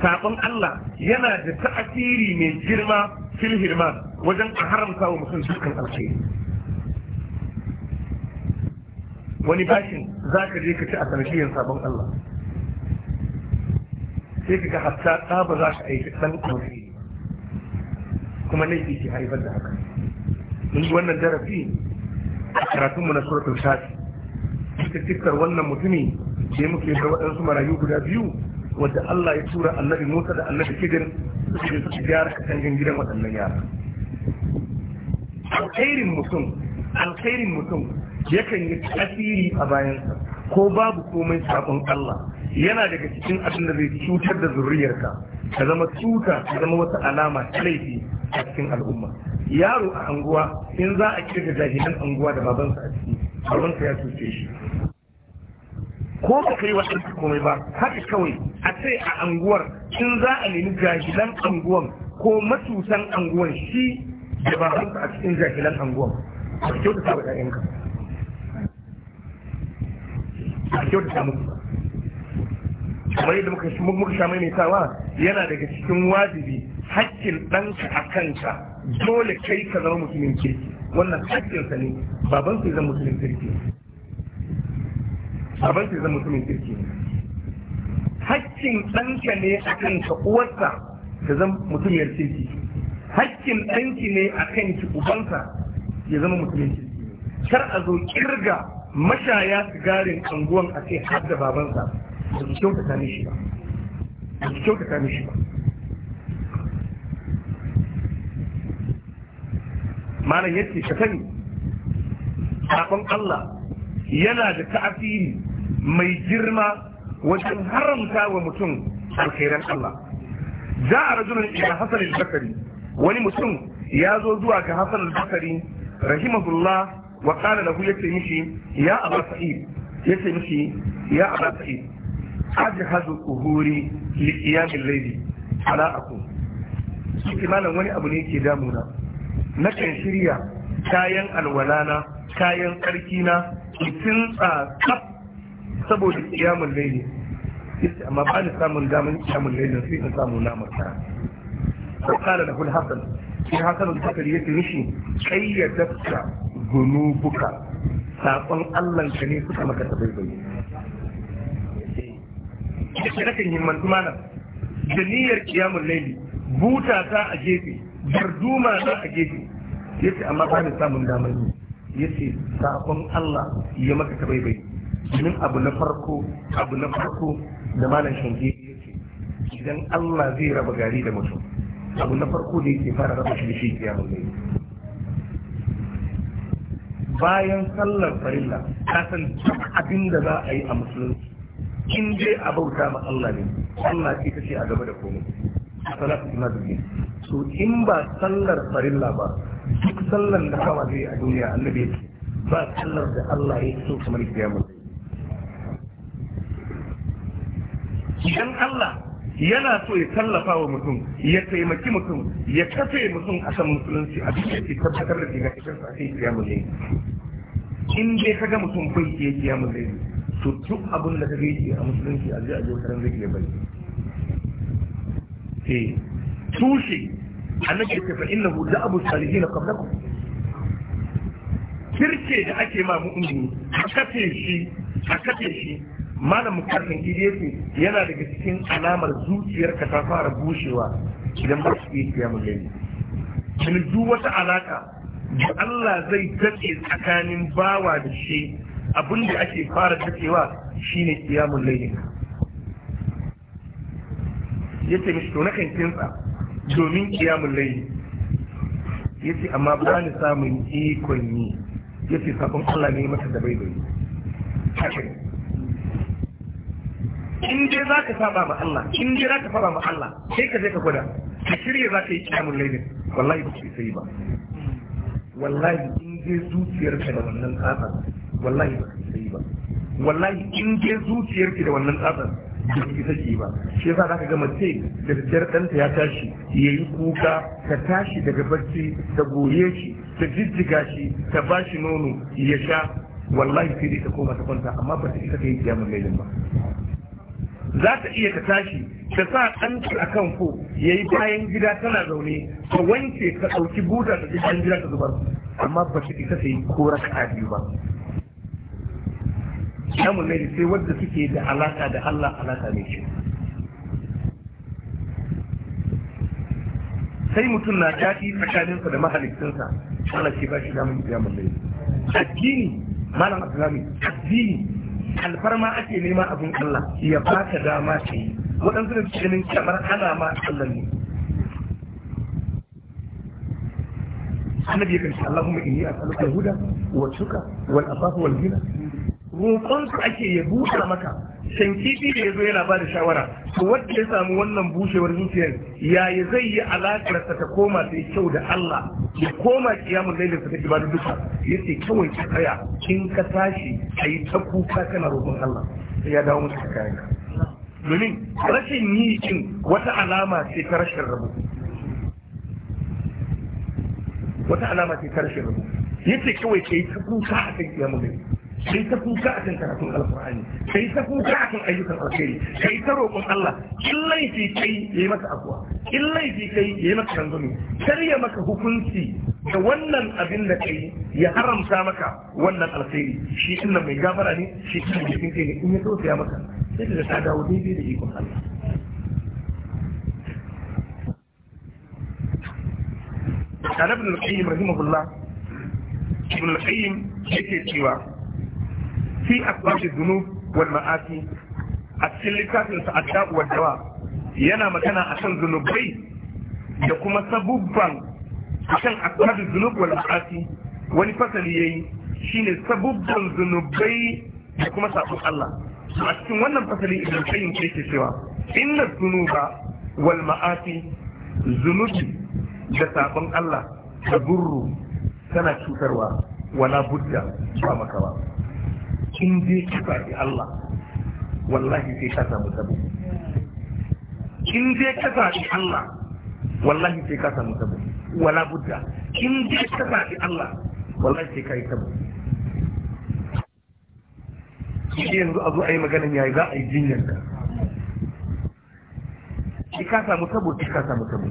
sabon Allah yana da ta'asiri mai girma fil hirma wajen a haramta wa mutum dukkan alheri wani bashin za ka je ka ci a sanadiyar sabon Allah sai ka ga hatta tsaba za ka aiki ɗan alheri kuma laifi ke haifar da haka mun yi wannan darasi a mu na suratul shafi duka cikar wannan mutumi ke muke da waɗansu marayu guda biyu wadda Allah ya tura annabi Musa da annabi Kidir su je su gyara katangan gidan waɗannan yara alkhairin mutum alkhairin mutum yakan yi tasiri a bayansa ko babu komai sabon Allah yana daga cikin abin da zai cutar da zuriyarka ka zama tuta ka zama wata alama ta laifi a cikin al'umma yaro a anguwa in za a kirga jahilan anguwa da babansa a ciki babansa ya cuce shi ko ba kai waɗansu komai ba haka kawai a ce a anguwar in za a nemi jahilan anguwan ko matusan anguwan shi da babansa a cikin jahilan anguwan a kyautata wa 'ya'yanka a mutu ba. kamar yadda muka muka sha tawa yana daga cikin wajibi hakkin ɗanka a kanka dole kai ka zama musulmin kirki wannan hakkinsa ne baban sai zama musulmin kirki baban sai zama musulmin kirki hakkin ɗanka ne a kanka uwarsa ta zama mutumiyar kirki hakkin ɗanki ne a kanki ubansa ya zama mutumin kirki kar a zo kirga mashaya sigarin anguwan a kai har da babansa da su kyautata mishi ba da su kyautata mishi ba malam yace ka sani sakon Allah yana da ta'asiri mai girma wajen haramta wa mutum alkhairan Allah za a rajulun ila Hassan al-Bakari wani mutum ya zo zuwa ga Hassan al-Bakari rahimahullah wa qala lahu yace mishi ya Abu Sa'id yace mishi ya Abu Sa'id ajhadu kuhuri li qiyamil layli ala aku shi malam wani abu ne ke damuna na kan shirya kayan alwalana kayan karkina tun kaf saboda qiyamul layli amma ba ni samun daman qiyamul layli sai in samu namar ta وقال له الحسن في حسن da يتي yake mishi يدفع ذنوبك Sakon Allah ka ne suka maka ta da nakan himmantu malam da niyyar kiyamun laili buta ta a gefe barduma ta a gefe yace amma ba ni samun damar ni. yace sakon Allah ya maka tabaibai domin abu na farko abu na farko da malam shange yace idan Allah zai raba gari da mutum abu na farko da yake fara raba shi da shi kiyamun laili bayan sallar farilla ka san abin da za a yi a musulunci in dai a bauta ma Allah ne Allah ce kace a gaba da komai salatu nabi so in ba sallar farilla ba duk sallar da kawa zai a duniya annabi ba sallar da Allah ya so kamar kiyama idan Allah yana so ya tallafa wa mutum ya taimaki mutum ya kafe mutum a kan musulunci a duk yake tabbatar da shiga cikin sa sai kiyama ne in dai kaga mutum bai iya kiyama ne su duk abin da kake yi a musulunci a zai a jokaran zai iya bari eh tushe annabi ya ce fa innahu da'abu salihin qablakum kirke da ake ma mu'mini a kafe shi a kafe shi malam mukarrin idiyafi yana daga cikin alamar zuciyarka ta fara bushewa idan ba su iya mu gani duk wata alaka da Allah zai daɗe tsakanin bawa da shi abin da ake fara dacewa shine kiyamun lailin ya ce mishi to na kan kinsa domin kiyamun laifin. ya ce amma ba ni samun ikon yi ya ce sabon Allah ne masa da bai bai in dai za ka saba ma Allah in dai za ka saba ma Allah sai ka je ka gwada ka shirya za ka yi kiyamun laifin, wallahi ba sai ba wallahi in dai ka da wannan tsafa wallahi ba sai ba wallahi in ke zuciyarki da wannan tsatsar da ki take ba shi yasa zaka gama mace da daddare ɗanta ya tashi yayi kuka ta tashi daga barci ta goye shi ta jijjiga shi ta bashi nono ya sha wallahi sai dai ta koma ta kwanta amma ba ta isa ta yi kiyamun lailin ba za ta iya ta tashi ta sa ɗanki a kan ko ya yi bayan gida tana zaune ta wanke ta ɗauki buta ta ji bayan gida ta zubar amma ba ta isa ta yi ko raka biyu ba kiyamun ne sai wadda suke da alaka da Allah alaka ne ce sai mutum na daɗi tsakaninsa da mahalicinsa Allah ce ba shi damun kiyamun ne addini malam abdulhamid addini alfarma ake nema abin Allah ya baka dama ce waɗansu da nin kamar ana ma Allah ne annabi ya kanci Allahumma inni as'aluka al-huda wa tuka wal afafa wal ghina roƙon ake ya busa maka shankifi da ya zo yana ba da shawara to wanda ya samu wannan bushewar zuciyar yi zai yi alaƙarsa ta koma ta kyau da Allah ya koma kiyamun lailin sa ta ibadu duka ya ce kawai ta tsaya in ka tashi a yi ta kuka kana roƙon Allah sai ya dawo maka kayan ka domin rashin yi kin wata alama ce ta rashin rabu wata alama ce ta rashin rabu ce kawai yi ta kuka a kan kiyamun lailin kai ta kuka akan karatun alqur'ani kai ta kuka akan ayyukan alkhairi kai ta roƙon Allah in laifi kai ya yi maka afwa in laifi kai yayi maka rangwame kar ya maka hukunci da wannan abin da kai ya haramta maka wannan alkhairi shi inna mai gafara ne shi inna mai kinke ne in ya tausaya maka sai da ta dawo daidai da ikon Allah Kana قال ابن القيم رحمه الله ابن القيم يكتب fi asbabi dhunub wal ma'asi a cikin littafin sa adda wa dawa yana magana akan zunubai da kuma sabubban akan asbabi dhunub wal ma'asi wani fasali yayi shine sabubban zunubai da kuma sabon Allah a cikin wannan fasali idan kayin ke cewa inna zunuba wal zunubi da sabon Allah da burru tana cutarwa wala budda ba maka in je ki faɗi Allah wallahi sai ka samu sabo in je ka faɗi Allah wallahi sai ka samu sabo wala budda in je ka faɗi Allah wallahi sai ka yi sabo shi yanzu a zo a yi maganin yayi za a yi jinyar ka ki ka samu sabo ki ka samu sabo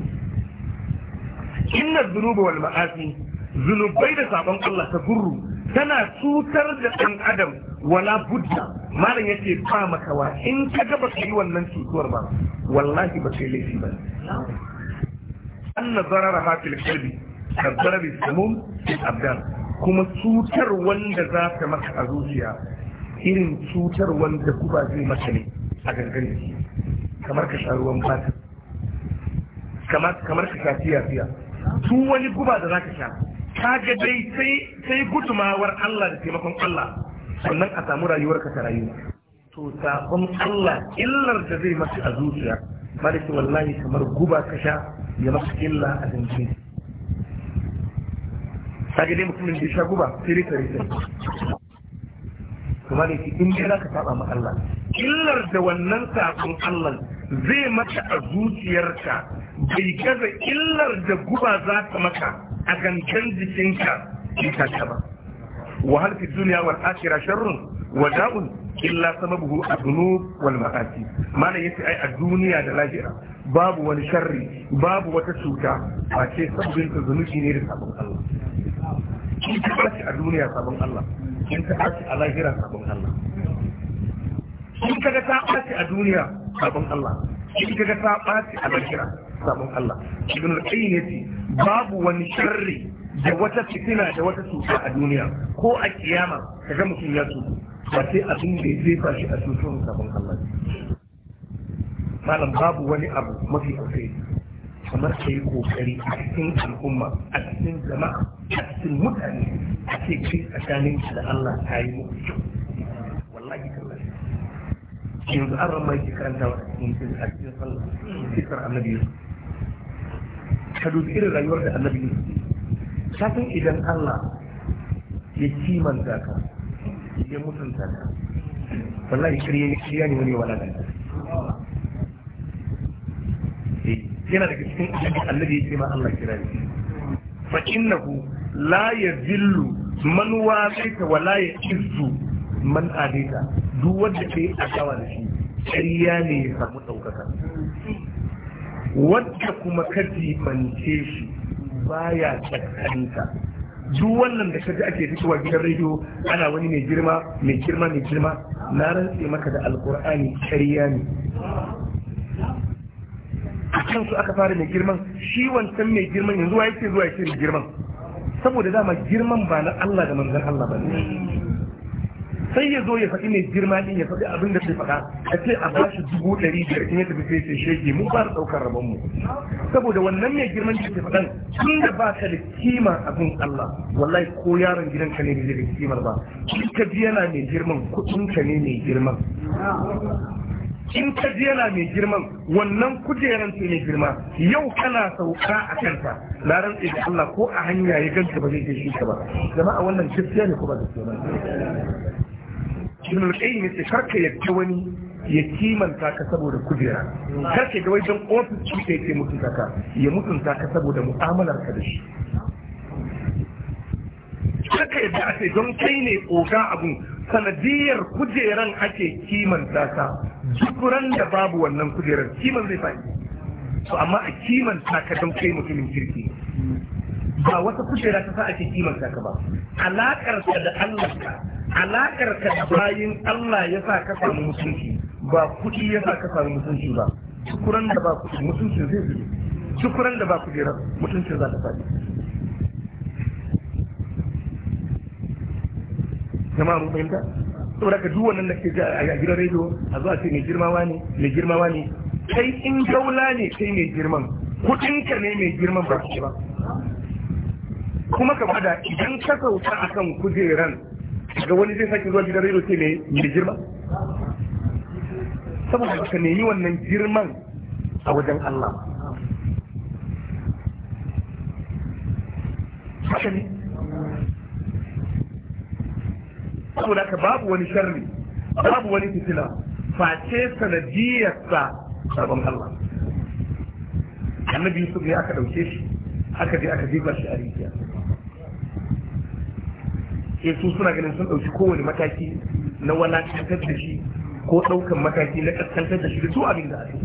inna dhunuba wal ma'asi zunubai da sabon Allah ta gurru tana cutar da ɗan adam wala budda malam ya yace ba makawa in ka ga baka yi wannan cutuwar ba wallahi ba kai laifi ba An darara ha fil qalbi ka darabi samum abdan kuma cutar wanda za ta maka a zuciya irin cutar wanda kuba zai maka ne a gangan jiki kamar ka sha ruwan fata kamar ka sha fiya-fiya tun wani guba da za ka sha ka ga dai sai gudumawar Allah da taimakon Allah sannan a samu rayuwar ka ta rayu to sabon Allah illar da zai maka a zuciya malaki wallahi kamar guba ka sha ya maka illa a dangin kaga dai mutumin da ya sha guba sai ka rike kuma da ke in za ka saba ma Allah illar da wannan sabon Allah zai maka a zuciyarka bai gaza illar da guba za ta maka a gangan jikinka in ka ba wa hal fi dunya sharrun wa da'un illa sababuhu adunub wal ma'asi malan yace ai a duniya da lahira babu wani sharri babu wata cuta a ce sabbin ta zunubi ne da sabon Allah in ta bashi a duniya sabon Allah in a sabon Allah kaga ta a duniya sabon Allah a sabon Allah ibn al-qayyim babu wani sharri da wata fitina da wata cuta a duniya ko a kiyama kaga mutum ya cutu ba sai abin da ya jefa shi a cutuwar sabon Allah malam babu wani abu mafi alkhairi kamar ka yi kokari a cikin al'umma a cikin jama'a a cikin mutane a ce kai tsakanin da Allah ta yi muku kyau wallahi tallahi yanzu an rama yake karanta wa cikin a cikin sallah fitar annabi yusuf ka dubi irin rayuwar da annabi yusuf kafin idan Allah ya kimanta ka ya mutunta ka wallahi shirye shirye ne wani wala kan eh, yana daga cikin Allah ya ce ma Allah kira ne fa innahu la yazillu man wasaita wa la yazzu man adita duk wanda kai adawa da shi shirya ne ya samu daukaka wadda kuma kaji jibance shi baya tsakaninka duk wannan da kaji ake fitowa gidan rediyo ana wani mai girma mai girma mai girma na rantse maka da alkur'ani kariya ne a su aka fara mai girman shi wancan mai girman yanzu wa yake zuwa yake mai girman saboda dama girman ba na Allah da manzon Allah ba ne sai ya zo ya faɗi mai girma ɗin ya faɗi abin da zai faɗa a ce a ba shi dubu ɗari biyar in ya tafi sai sai shege mun ba ɗaukar rabon mu saboda wannan mai girman da ke faɗan tun da ba ka da kima abin Allah wallahi ko yaron gidan ka ne bai da kimar ba in ka ji yana mai girman kuɗin ka ne mai girman in ka ji yana mai girman wannan kujeran ce mai girma yau kana sauka a kanta na rantsi da Allah ko a hanya ya ganta ba zai je shi ka ba jama'a wannan gaskiya ne ko ba gaskiya ba ibn al-qayyim yace karka yadda wani ya kimanta ka saboda kujera karka ga wajen ofis shi da yake mutunta ka ya mutunta ka saboda mu'amalar ka da shi karka yadda a ce don kai ne koga abun sanadiyar kujeran ake kimanta ka duk ran da babu wannan kujerar kiman zai faɗi to amma a kimanta ka don kai mutumin kirki ba wata kujera ta sa ake kimanta ka ba alakar da Allah ka. alaƙar ka da bayin Allah ya sa ka samu mutunci ba kuɗi ya sa ka samu mutunci ba tukuran da ba kuɗi mutunci zai zube tukuran da ba kuɗi mutunci za ta faɗi jama'a mu fahimta saboda ka duk wannan da ke a gidan rediyo a zuwa ce mai girmawa ne mai girmawa ne kai in daula ne kai mai girman kuɗinka ne mai girman ba ba kuma ka bada idan ka sauka akan kujeran ga wani zai sake zuwa gidan rediyo ce mai da girma saboda ka nemi wannan girman a wajen Allah haka saboda ka babu wani sharri babu wani fitila face sanadiyarsa sabon Allah annabi Yusuf ne aka ɗauke shi aka je aka jefa shi a rijiya sai su suna ganin sun ɗauki kowane mataki na walakantar da shi ko ɗaukan mataki na ƙasƙantar da shi da su abin da ake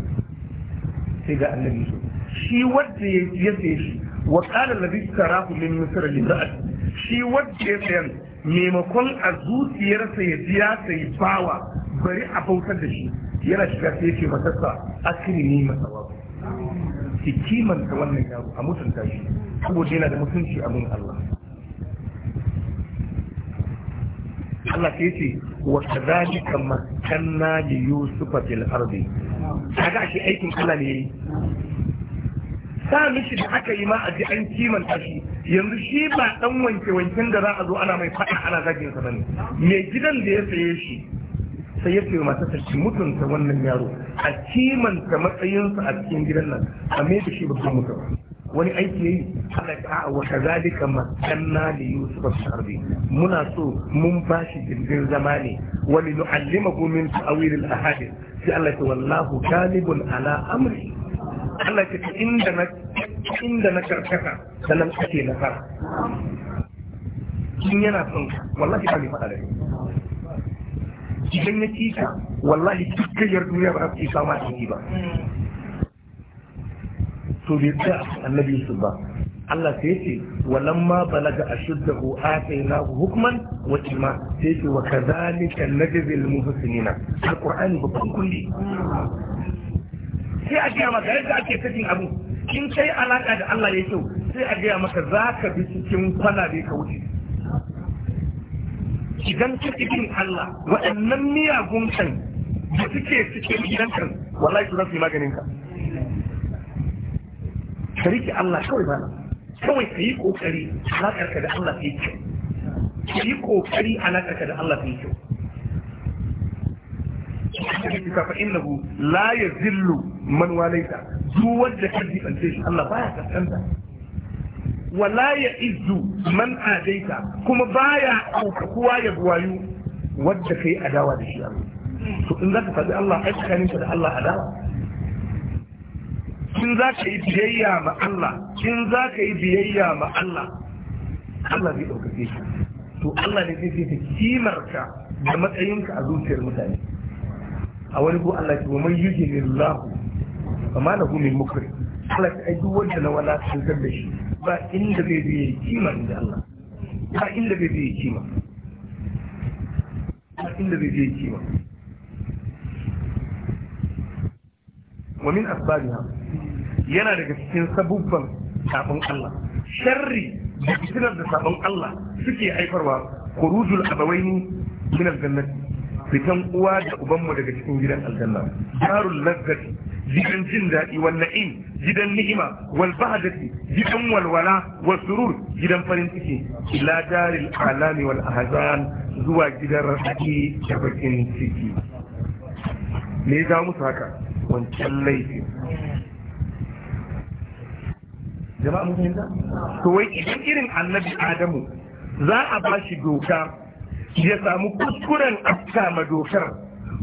sai ga annabi su shi wadda ya saye shi wa ƙalar da zai tara ku min misira libra'at shi wadda ya sayan maimakon a zuciyarsa ya biya sayi bawa bari a bautar da shi yana shiga sai ya ce masarsa akirimi masa ki kimanta wannan yaro a mutunta shi saboda yana da mutunci a mun Allah Allah sai ce wa kadhalika makanna li yusufa fil ardi kaga shi aikin Allah ne sa mishi da aka yi ma a ji an kimanta shi yanzu shi ba dan wanke wanken da za a zo ana mai faɗa ana zagin sa bane mai gidan da ya saye shi sai ya ce wa matarsa ki mutunta wannan yaro a kimanta matsayinsa a cikin gidan nan a mai da shi babban mutum wani aiki yayi Allah ta wa kazalika makanna li yusuf al-sharbi muna so mun bashi jirgin zama ne wa li nu'allimahu min ta'wil al-ahadith sai Allah ta wallahu kalibun ala amri Allah ta inda na inda na karkata sanan na fara in yana son wallahi ba ni faɗa da idan ya kika wallahi duk gayyar duniya ba za su isa ma ba to bai tsaya annabi Yusuf ba Allah sai ce walamma balaga ashuddahu atainahu hukman wa ilma sai ce wa kadhalika najzil muhsinina alqur'ani babban kulli sai a gaya maka yadda ake sakin abu in kai alaka da Allah ya kyau sai a gaya maka za ka bi cikin kwalabe ka wuce idan ka cikin Allah waɗannan miyagun kan da suke cikin gidan kan wallahi su za maganin ka ka Allah kawai mana kawai ka yi kokari alaƙarka da Allah ta yi kyau ka yi kokari alaƙarka da Allah ta yi kyau fa innahu la yazillu man walaita duk wanda ka jibance shi Allah baya kaskanta wala ya izu man adaita kuma baya aukakuwa ya buwayu wadda kai adawa da shi Allah to in ka faɗi Allah ai tsakaninka da Allah adawa in za ka yi biyayya ma Allah kin za ka yi biyayya ma Allah Allah zai ɗaukake ka to Allah ne zai fi ta ka da matsayinka a zuciyar mutane a wani ko Allah ce wa yuke ni lillahu ba ma na min mukri Allah ta ai duk wanda na wala tantar da shi ba inda zai je yayi kima inda Allah ba inda zai je yayi kima ba inda zai je yayi kima ومن أسبابها yana daga cikin sabubban sabon Allah sharri da fitinar da sabon Allah suke haifarwa khurujul abawaini min aljannah fitan uwa da ubanmu daga cikin gidan aljanna darul lazzati gidan jin daɗi wal na'im gidan ni'ima wal bahadati gidan walwala wal surur gidan farin ciki ila daril alami wal ahzan zuwa gidan rahadi da bakin ciki me ya musu haka wancan laifin? jama'a fahimta to wai idan irin annabi adamu za a ba shi doka ya samu kuskuren afka ma dokar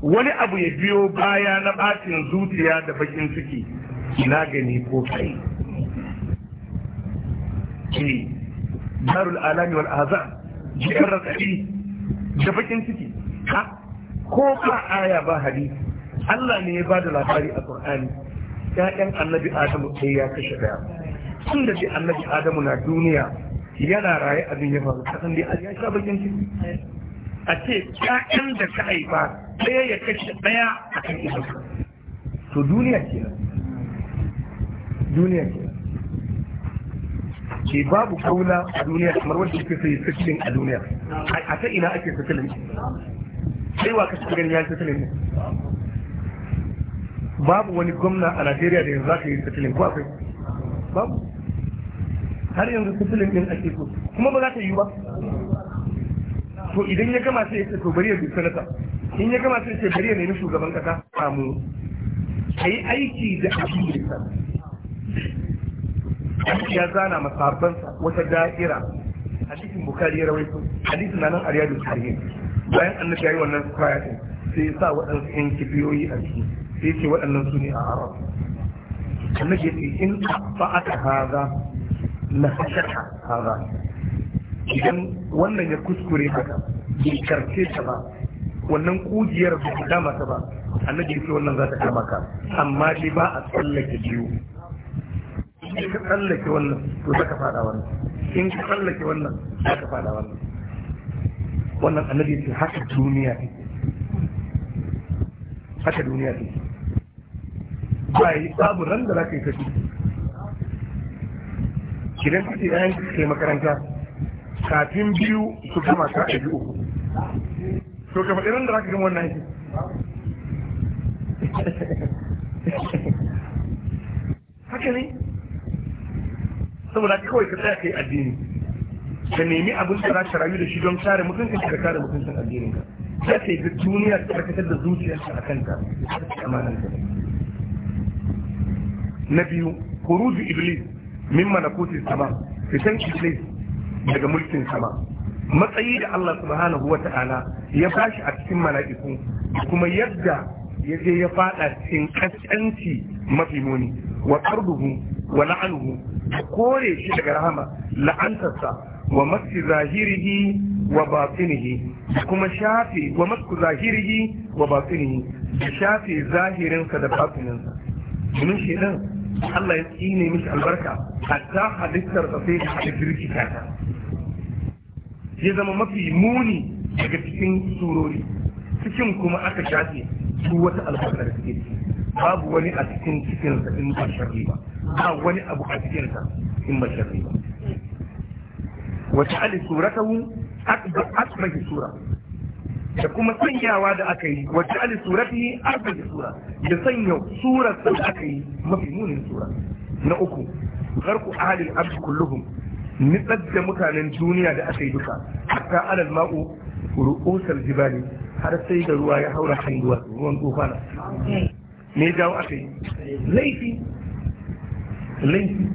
wani abu ya biyo baya na bacin zuciya da bakin ciki ina gani ko kai ke darul alami wal azam jiyar rasadi da bakin ciki ha ko ba aya ba hadisi Allah ne ya ba da labari a Qur'ani Ya'yan annabi Adamu sai ya kashe daya tun da shi annabi adamu na duniya yana raye abin ya faru kasan dai ya sha bakin ciki a ce ƴaƴan da ka haifa ɗaya ya kashe ɗaya a kan idanka to duniya ke duniya ke ke babu kauna a duniya kamar wanda yake sai sitilin a duniya a ta ina ake sitilin sai wa kashe gani ya sitilin ne babu wani gwamna a najeriya da yanzu za ka yi sitilin ko akwai har yanzu filin din ake so kuma ba za ta yi ba to idan ya gama sai ya ce to bari ya bi sanata in ya gama sai ya ce bari ya nemi shugaban kasa samu a yi aiki da abin da ya zana masabansa wata da'ira hadisin bukari ya rawaito hadisin nan ariya da tarihi bayan annabi yi wannan kwaya sai ya sa waɗansu yan kibiyoyi a ciki sai ce waɗannan su ne a arab annabi ya ce in ba aka haza na fashaka haza idan wannan ya kuskure maka bai karce ta ba wannan kujiyar ba ta dama ta ba annabi ya ce wannan za ta kama ka amma dai ba a tsallake biyu in ka tsallake wannan to za ka fada wannan in ka tsallake wannan za ka fada wannan wannan annabi ya ce haka duniya take haka duniya take ba yi babu ran da za ka yi kashi idan kake yayan kai makaranta kafin biyu su kama ka a biyu uku to kama irin da za ka gama wannan aiki haka ne saboda kawai ka tsaya kai addini ka nemi abin da za ka rayu da shi don kare mutuncin ka kare mutuncin addinin ka sai ka yi duniya ta karkatar da zuciyarka a kanta a kanta na biyu Kur'udu iblis min malakuti sama fitan iblis daga mulkin sama matsayi da Allah subhanahu wa ta'ala ya bashi a cikin mala'iku kuma yadda ya je ya fada cikin kaskanci mafi muni wa karduhu, wa la'anuhu kore shi daga rahama la'antarsa wa masu zahirihi wa batinihi kuma shafe wa masu zahirihi wa batinihi da shafe zahirinsa da batininsa domin shi Allah ya tsine miki albarka hatta halittar da sai da girki kata ya zama mafi muni daga cikin surori cikin kuma aka shafe su wata albarka da suke babu wani a cikin cikin sa in ba sharri ba ba wani abu a cikin sa in ba sharri ba wata ali akbar akbar sura da kuma sanyawa da aka yi wacce ali surati arba da sura da sanya surar da aka yi mafi munin sura na uku garku ahalin arshi kulluhum nitsar da mutanen duniya da aka yi duka hatta alal ma'u ru'usar jibali har sai da ruwa ya haura kan ruwan na me jawo aka yi laifi laifi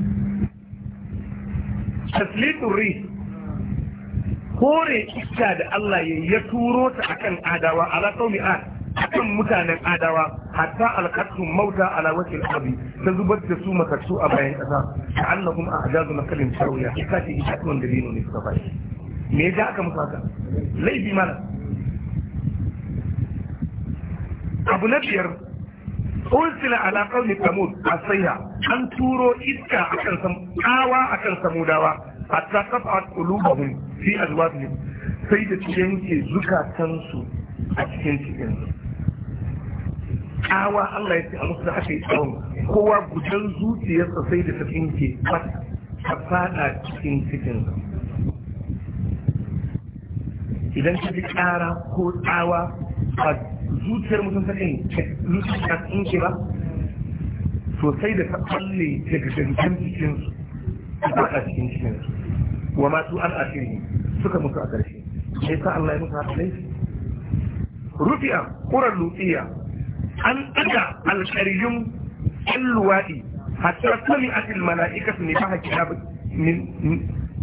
tasliqur rih kore iska da Allah ya turo ta akan adawa ala qaumi a akan mutanen adawa hatta alqatum mauta ala wajhil abu ta zubar da su matattu a bayan kasa ta'allahum a'jazu makalin shawiya kace ita kun dalilin ne suka bai me ya aka musu haka laifi mana abu na biyar ursila ala qaumi samud asaiha an turo iska akan sam akan samudawa hatta qat'at qulubuhum fi azwajihim sai da su yanke zukatansu a cikin cikin kawa Allah ya ce a musu da aka yi tsawon kowa gudan zuciyarsa sai da ta tsinke ta fada cikin cikin idan ka ji kara ko tsawa a zuciyar mutum ta kan zuciyar ta tsinke ba sosai da ta falle daga cikin cikinsu a cikin cikin wa masu an asiri suka mutu a ƙarshe sai sa Allah ya mutu haka laifi rufi'a ƙuran lutsiya an ɗaga alƙaryun ƴan luwaɗi hatta sami atil mala'ikatu ne ba hakika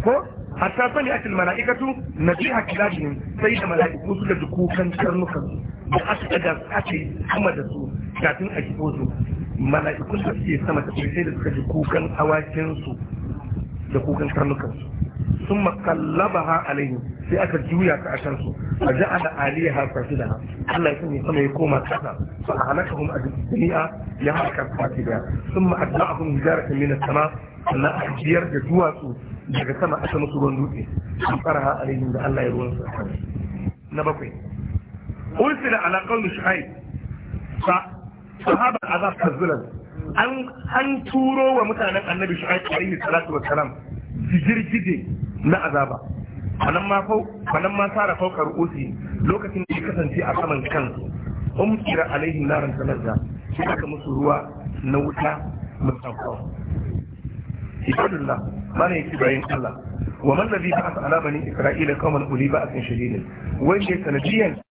ko hatta sani a cikin mala'ikatu na biya kilabin sai da mala'iku suka ji kukan karnukan da aka daga ake sama da su kafin a kifo su mala'ikun da suke sama da sai da suka ji kukan awakin su da kukan karnukansu sun makalla makallaba ha alayhi sai aka juya ta a kansu a ja'ala aliya ha fasu da Allah ya sanya sama ya koma kasa fa halakahum ajmi'a ya halaka fati da sun a kuma hijaratan min as-sama sannan aka jiyar da duwatsu daga sama aka musu ruwan dutse an faraha alayhim da Allah ya ruwan su a na bakwai ursila ala qawmi shu'aib fa sahaba azab kazulan an turo wa mutanen annabi aiki alaihi salatu su girgije na azaba falan ma fau falan ma sara lokacin da ya kasance a saman kansu umkira alaihi naran salazza shi aka musu ruwa na wuta musamman ibadullah mana yake bayan Allah wa man ladhi ba'atha ala bani isra'ila qauman uli ba'athin shadidin wanda sanadiyan